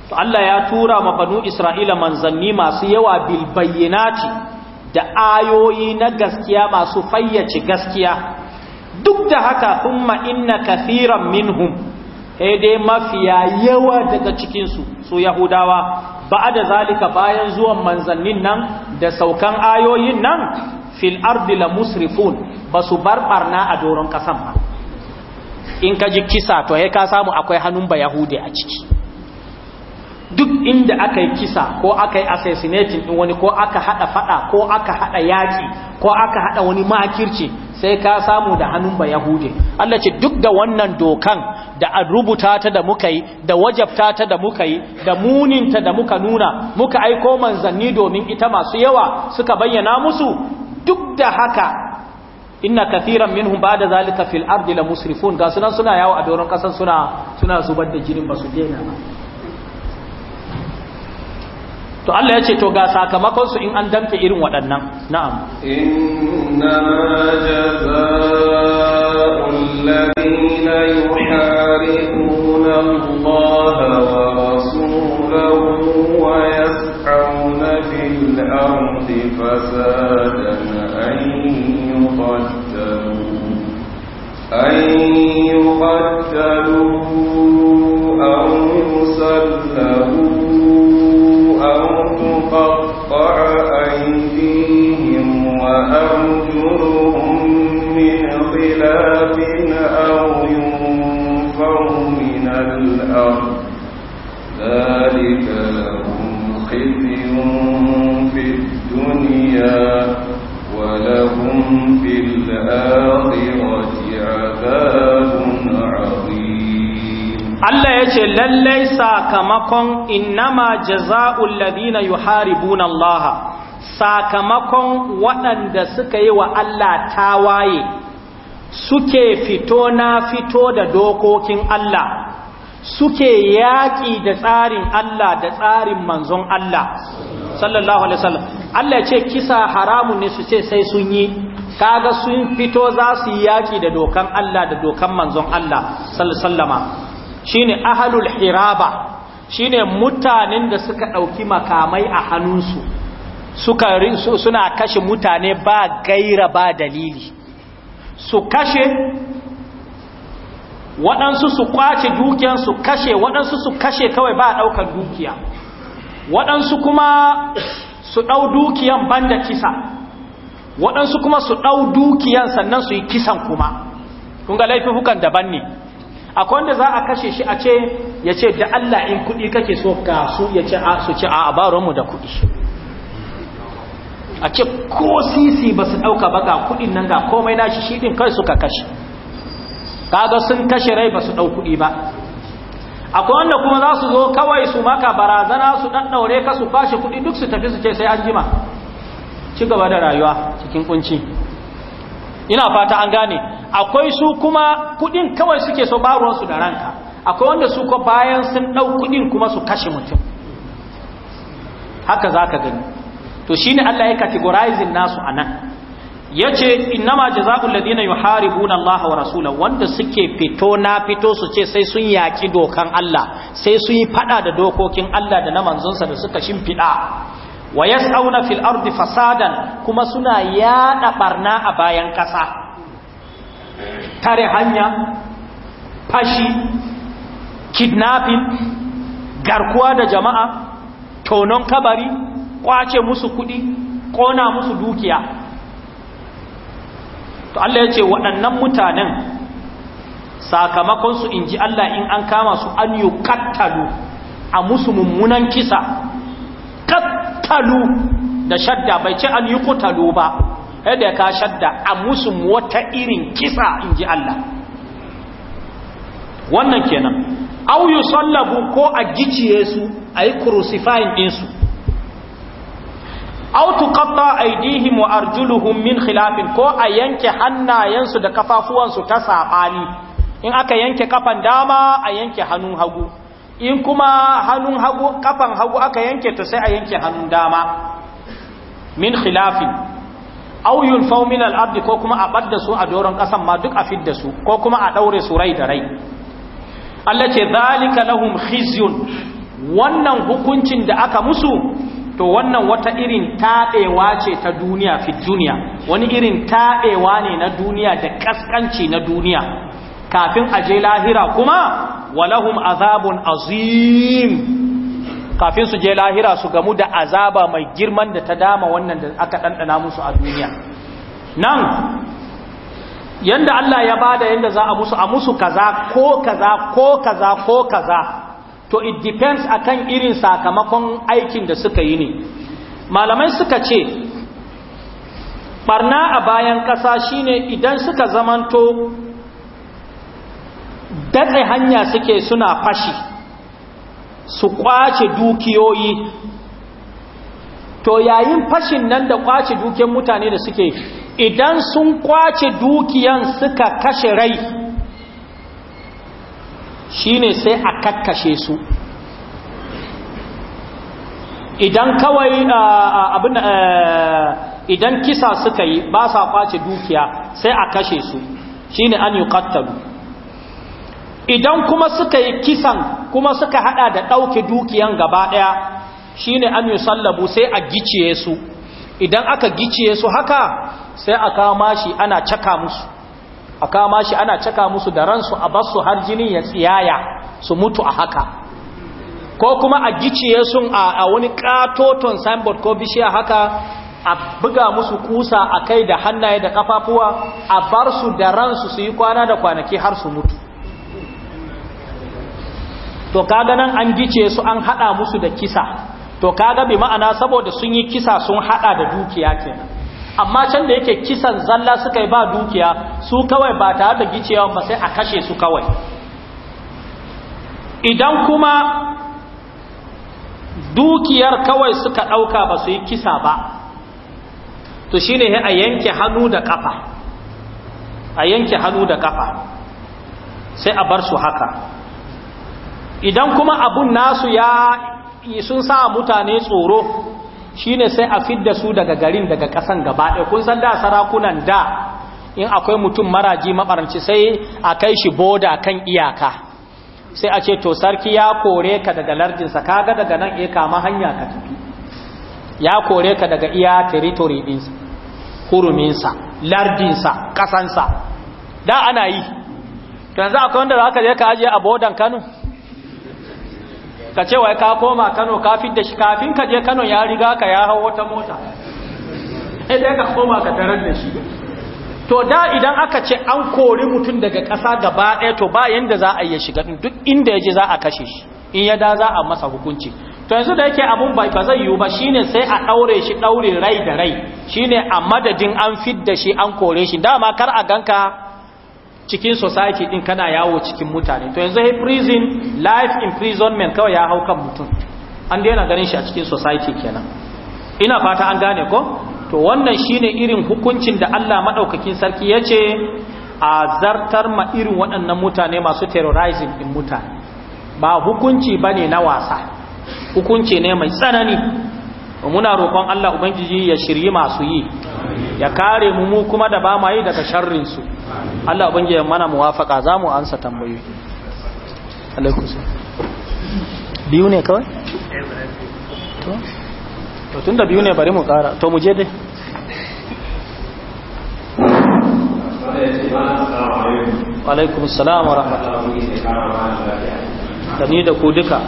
to Allah ya tura ma banu Isra'ila manzanni masu yawa bil bayyinati da ayoyi na gaskiya masu fayyace gaskiya duk da haka thumma inna kathiran minhum eh dai mafiya yawa daga cikin su su yahudawa da zalika bayan zuwan manzannin nan da saukan ayoyin nan fil ardi la musrifun ba bar barna a doron kasan ba in ka ji kisa to he ka samu akwai hannun ba yahudi a ciki duk inda aka yi kisa ko aka yi assassinating din wani ko aka hada fada ko aka hada yaki ko aka hada wani makirci sai ka samu da hannun ba yahudi Allah ce duk da wannan dokan da an rubuta ta da muka yi da wajabta ta da muka yi da muninta da muka nuna muka aiko manzanni domin ita masu yawa suka bayyana musu duk da haka inna kathiran minhum ba'da zalika fil ardi la musrifun ga sunan suna yawo a doron kasan suna suna zubar da jinin basu daina ba to Allah ya ce to ga sakamakon su in an damke irin waɗannan na'am inna ma jazaa'ul ladina yuharibuna Allah wa sakamakon ma jaza'ul ladina yuharibuna Allah sakamakon waɗanda suka yi wa Allah tawaye suke fito na fito da dokokin Allah suke yaƙi da tsarin Allah da tsarin manzon Allah sallallahu alaihi wasallam Allah ce kisa haramun ne su ce sai sun yi kaga sun fito za su yi yaƙi da dokan Allah da dokan manzon Allah sallallahu alaihi wasallama shine ahlul hiraba Shi ne mutanen da suka ɗauki makamai a hannunsu suka suna kashe mutane ba gaira ba dalili su kashe waɗansu su kwace dukiyan su kashe waɗansu su kashe kawai ba a ɗaukar dukiya waɗansu kuma su ɗau dukiyan banda kisa waɗansu kuma su ɗau dukiyan sannan su yi kisan kuma kun ga hukan daban ne akwai wanda za a kashe shi a ce ya ce da Allah in kuɗi kake so ka su ya ce a su ce a baronmu da kuɗi a ce ko sisi ba su ɗauka ba ga kuɗin nan ga komai na shi shiɗin kai suka kashe kaga sun kashe rai ba su ɗau kuɗi ba akwai wanda kuma za su zo kawai su maka barazana su ɗanɗaure ka su fashe kuɗi duk su tafi su ce sai an jima ci gaba da rayuwa cikin kunci ina fata an gane akwai su kuma kudin kawai suke so baruwansu da ranka akwai wanda su ko bayan sun ɗau kudin kuma su kashe mutum haka za ka gani to shi ne Allah ya categorizing nasu a nan ya ce innama jaza'ul ladina yuharibuna Allah wa rasula wanda suke fito na fito su ce sai sun yaki dokan Allah sai sun yi fada da dokokin Allah da na manzonsa da suka shimfida wa yas'auna fil ardi fasadan kuma suna yada barna a bayan kasa tare hanya fashi kidnapping garkuwa da jama'a tonon kabari kwace musu kudi kona musu dukiya to Allah ya ce waɗannan mutanen sakamakonsu in ji Allah in an kama su an yi kattalu a musu mummunan kisa kattalu da shadda bai ce an yi kutalu ba Kada ya ka shadda a musu wata irin kisa in ji Allah wannan kenan auyu yusallabu ko a giciye su a yi crucifying ɗinsu au tuqatta aydihim wa arjuluhum min khilafin ko a yanke hannayensu da kafafuwansu ta saɓani in aka yanke kafan dama a yanke hannun hagu in kuma hannun hagu kafan hagu aka yanke to sai a yanke hannun dama min khilafin Auyun fauminal abdi ko kuma a ɓadda su a doron ƙasan ma duk a fidda su ko kuma a ɗaure su rai da rai Allah ce zalika lahum khizyun wannan hukuncin da aka musu to wannan wata irin taɓewa ce ta duniya fi duniya wani irin taɓewa ne na duniya da ƙasƙanci na duniya kafin aje lahira kuma walahum azabun azim kafin su je lahira su gamu da azaba mai girman da ta dama wannan da aka ɗanɗana musu a duniya nan yadda Allah ya bada yadda za a musu a musu kaza ko kaza ko kaza ko kaza to it depends akan irin sakamakon aikin da suka yi ne malamai suka ce barna a bayan ƙasa shine idan suka zamanto datse hanya suke suna fashi su kwace dukiyoyi to yayin fashin nan da kwace dukiyar mutane da suke idan sun kwace dukiyan suka kashe rai shine sai a kakkashe su idan kawai eh, idan kisa suka yi ba sa kwace dukiya sai a kashe su shine an yuqattalu idan kuma suka yi kisan kuma suka hada da ɗauke dukiyan gaba ɗaya shine an yusallabu sai a giciye su idan aka giciye su haka sai a mashi ana caka musu aka mashi ana caka musu da ransu a basu har jinin ya tsiyaya su mutu a haka ko kuma a giciye sun a wani katoton signboard ko bishiya haka a buga musu kusa a kai da hannaye da kafafuwa a bar su da ransu su yi kwana da kwanaki har su mutu to kaga nan an gice su an hada musu da kisa to kaga bi ma'ana saboda sun yi kisa sun hada da dukiya kenan amma can da yake kisan zalla suka yi ba dukiya su kawai ba tare da gicewa ba sai a kashe su kawai idan kuma dukiyar kawai suka dauka ba su yi kisa ba to shine a yanke hannu da kafa a yanke hannu da kafa sai a bar su haka idan kuma abun nasu ya sun sa mutane tsoro shine sai a fidda su daga garin daga kasan gaba ɗaya kun san da sarakunan da in akwai mutum maraji mabaranci sai a kai shi boda kan iyaka sai a ce to sarki ya kore ka daga lardinsa kaga daga nan iya eh, kama hanya ka tafi ya kore ka daga iya teritori ɗinsa huruminsa lardinsa kasansa da ana yi yanzu akwai wanda za ka je ka ajiye a bodan kano ka ce wai ka koma Kano kafin da shi kafin ka je Kano ya riga ka ya hau wata mota eh, sai dai ka koma ka tarar da shi to da idan aka ce an kori mutum daga ƙasa gaba ɗaya to ba yanda za a iya shiga duk inda ya je za a kashe shi in ya da za a masa hukunci to yanzu da yake abun bai ba zai yiwu ba shine sai a ɗaure shi ɗaure rai da rai shine a madadin an da shi an kore shi dama kar a ganka cikin society din kana yawo cikin mutane to yanzu prison life imprisonment kawai ya hau kan mutum an daina ganin shi a cikin society kenan ina fata an gane ko to wannan shine irin hukuncin da Allah madaukakin sarki yace a zartar ma irin waɗannan mutane masu terrorizing din mutane ba hukunci bane na wasa hukunci ne mai tsanani muna roƙon Allah ubangiji ya shirye masu yi ya kare mu kuma da ba yi daga sharrin su Allah ubangi ya mana muwafaka za mu ansa tambayoyi alaikum biyu ne kawai to tun tunda biyu ne bari mu kara to mu je dai alaikum salam wa rahmatullahi da ni da ku duka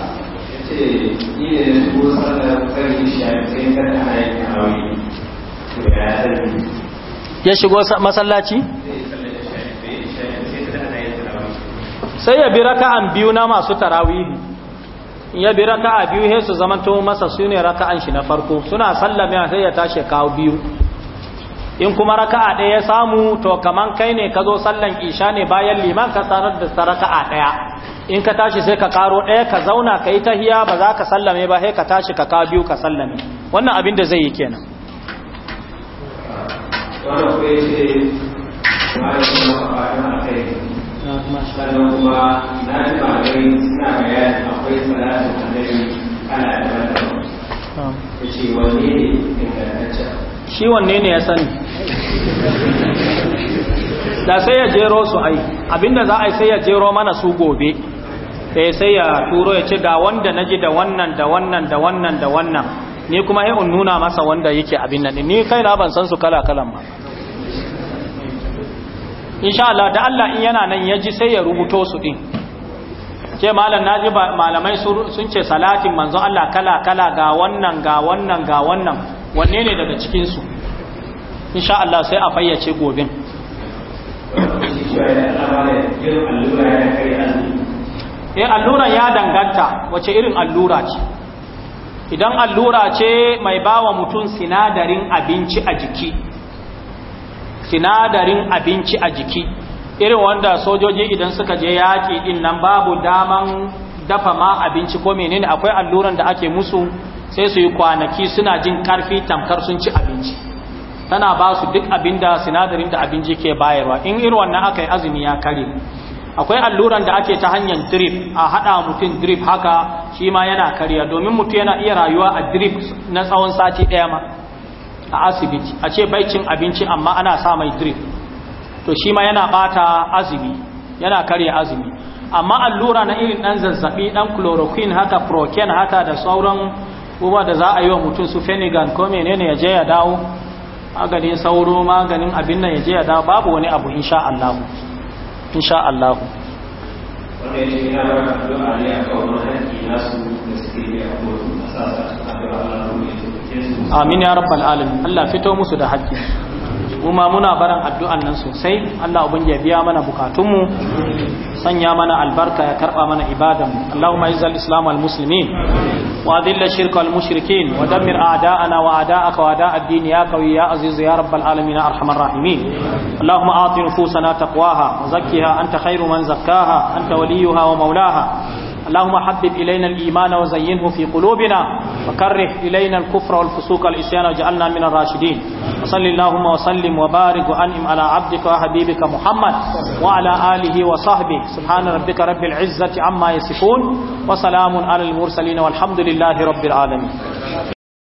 ya shigo masallaci? sai ya bi raka'an biyu na masu tarawihi ya bi raka'a biyu sai su zamanto masa sune raka'an shi na farko suna sallame sai ya tashi kawo biyu in kuma raka'a ɗaya ya samu to kaman kai ne ka zo sallan isha ne bayan liman ka sanar da ta raka'a ɗaya in ka tashi sai ka karo ɗaya ka zauna ka yi tahiya ba za ka sallame ba sai ka tashi ka kawo biyu ka sallame wannan abin da zai yi kenan wannan kai kuma na da shi wanne ne ya sani da sai ya jero su ai abinda za a yi sai ya jero mana su gobe ya eh, sai ya turo ya ce da wanda naji da wannan da wannan da wannan da wannan ni kuma sai in nuna masa wanda yake abin nan ni kai na ban san su kala kalan ba insha Allah da Allah in yana nan ya ji sai ya rubuto su din ce malam naji malamai sun ce salatin manzo Allah kala kala ga wannan ga wannan ga wannan wanne ne daga cikin su insha Allah sai a fayyace gobin eh allura ya danganta wace irin allura ce idan allura ce mai bawa mutum sinadarin abinci a jiki sinadarin abinci a jiki irin wanda sojoji idan suka je yaƙi din nan babu daman dafa ma abinci ko menene akwai alluran da ake musu sai su yi kwanaki suna jin karfi tamkar sun ci abinci tana ba su duk abinda sinadarin da abinci ke bayarwa in irin wannan aka yi azumi ya kare akwai alluran da ake ta hanyar drip a haɗa mutum drip haka shi ma yana kariya domin mutum yana iya rayuwa a drip na tsawon sati ɗaya ma a asibiti a ce bai abinci amma ana sa mai drip to shi ma yana bata azumi yana karya azumi amma allura na irin dan zazzabi dan chloroquine haka proken haka da sauran uba da za a yi wa mutum su fenigan ko menene ya je ya dawo maganin sauro maganin abin nan ya je ya dawo babu wani abu insha Allah insha Allah wannan ya ce yana da ne a kawo nasu da suke yi a sasa a sasa addu'a Allah amin ya rabbal alamin Allah fito musu da haƙƙi kuma muna barin addu'an nan sosai Allah ya biya mana bukatunmu sanya mana albarka ya karba mana ibadan Allahumma izal islam al muslimin wa adilla shirka al mushrikin wa dammir a'da'ana wa a'da'aka wa da'a ad-din ya qawi ya aziz ya rabbal alamin arhamar rahimin Allahumma ati nufusana taqwaha wa zakkiha anta khairu man zakkaha anta waliyuha wa maulaha اللهم حبب إلينا الإيمان وزينه في قلوبنا وكره إلينا الكفر والفسوق والعصيان واجعلنا من الراشدين وصل اللهم وسلم وبارك وأنعم على عبدك وحبيبك محمد وعلى آله وصحبه سبحان ربك رب العزة عما يصفون وسلام على المرسلين والحمد لله رب العالمين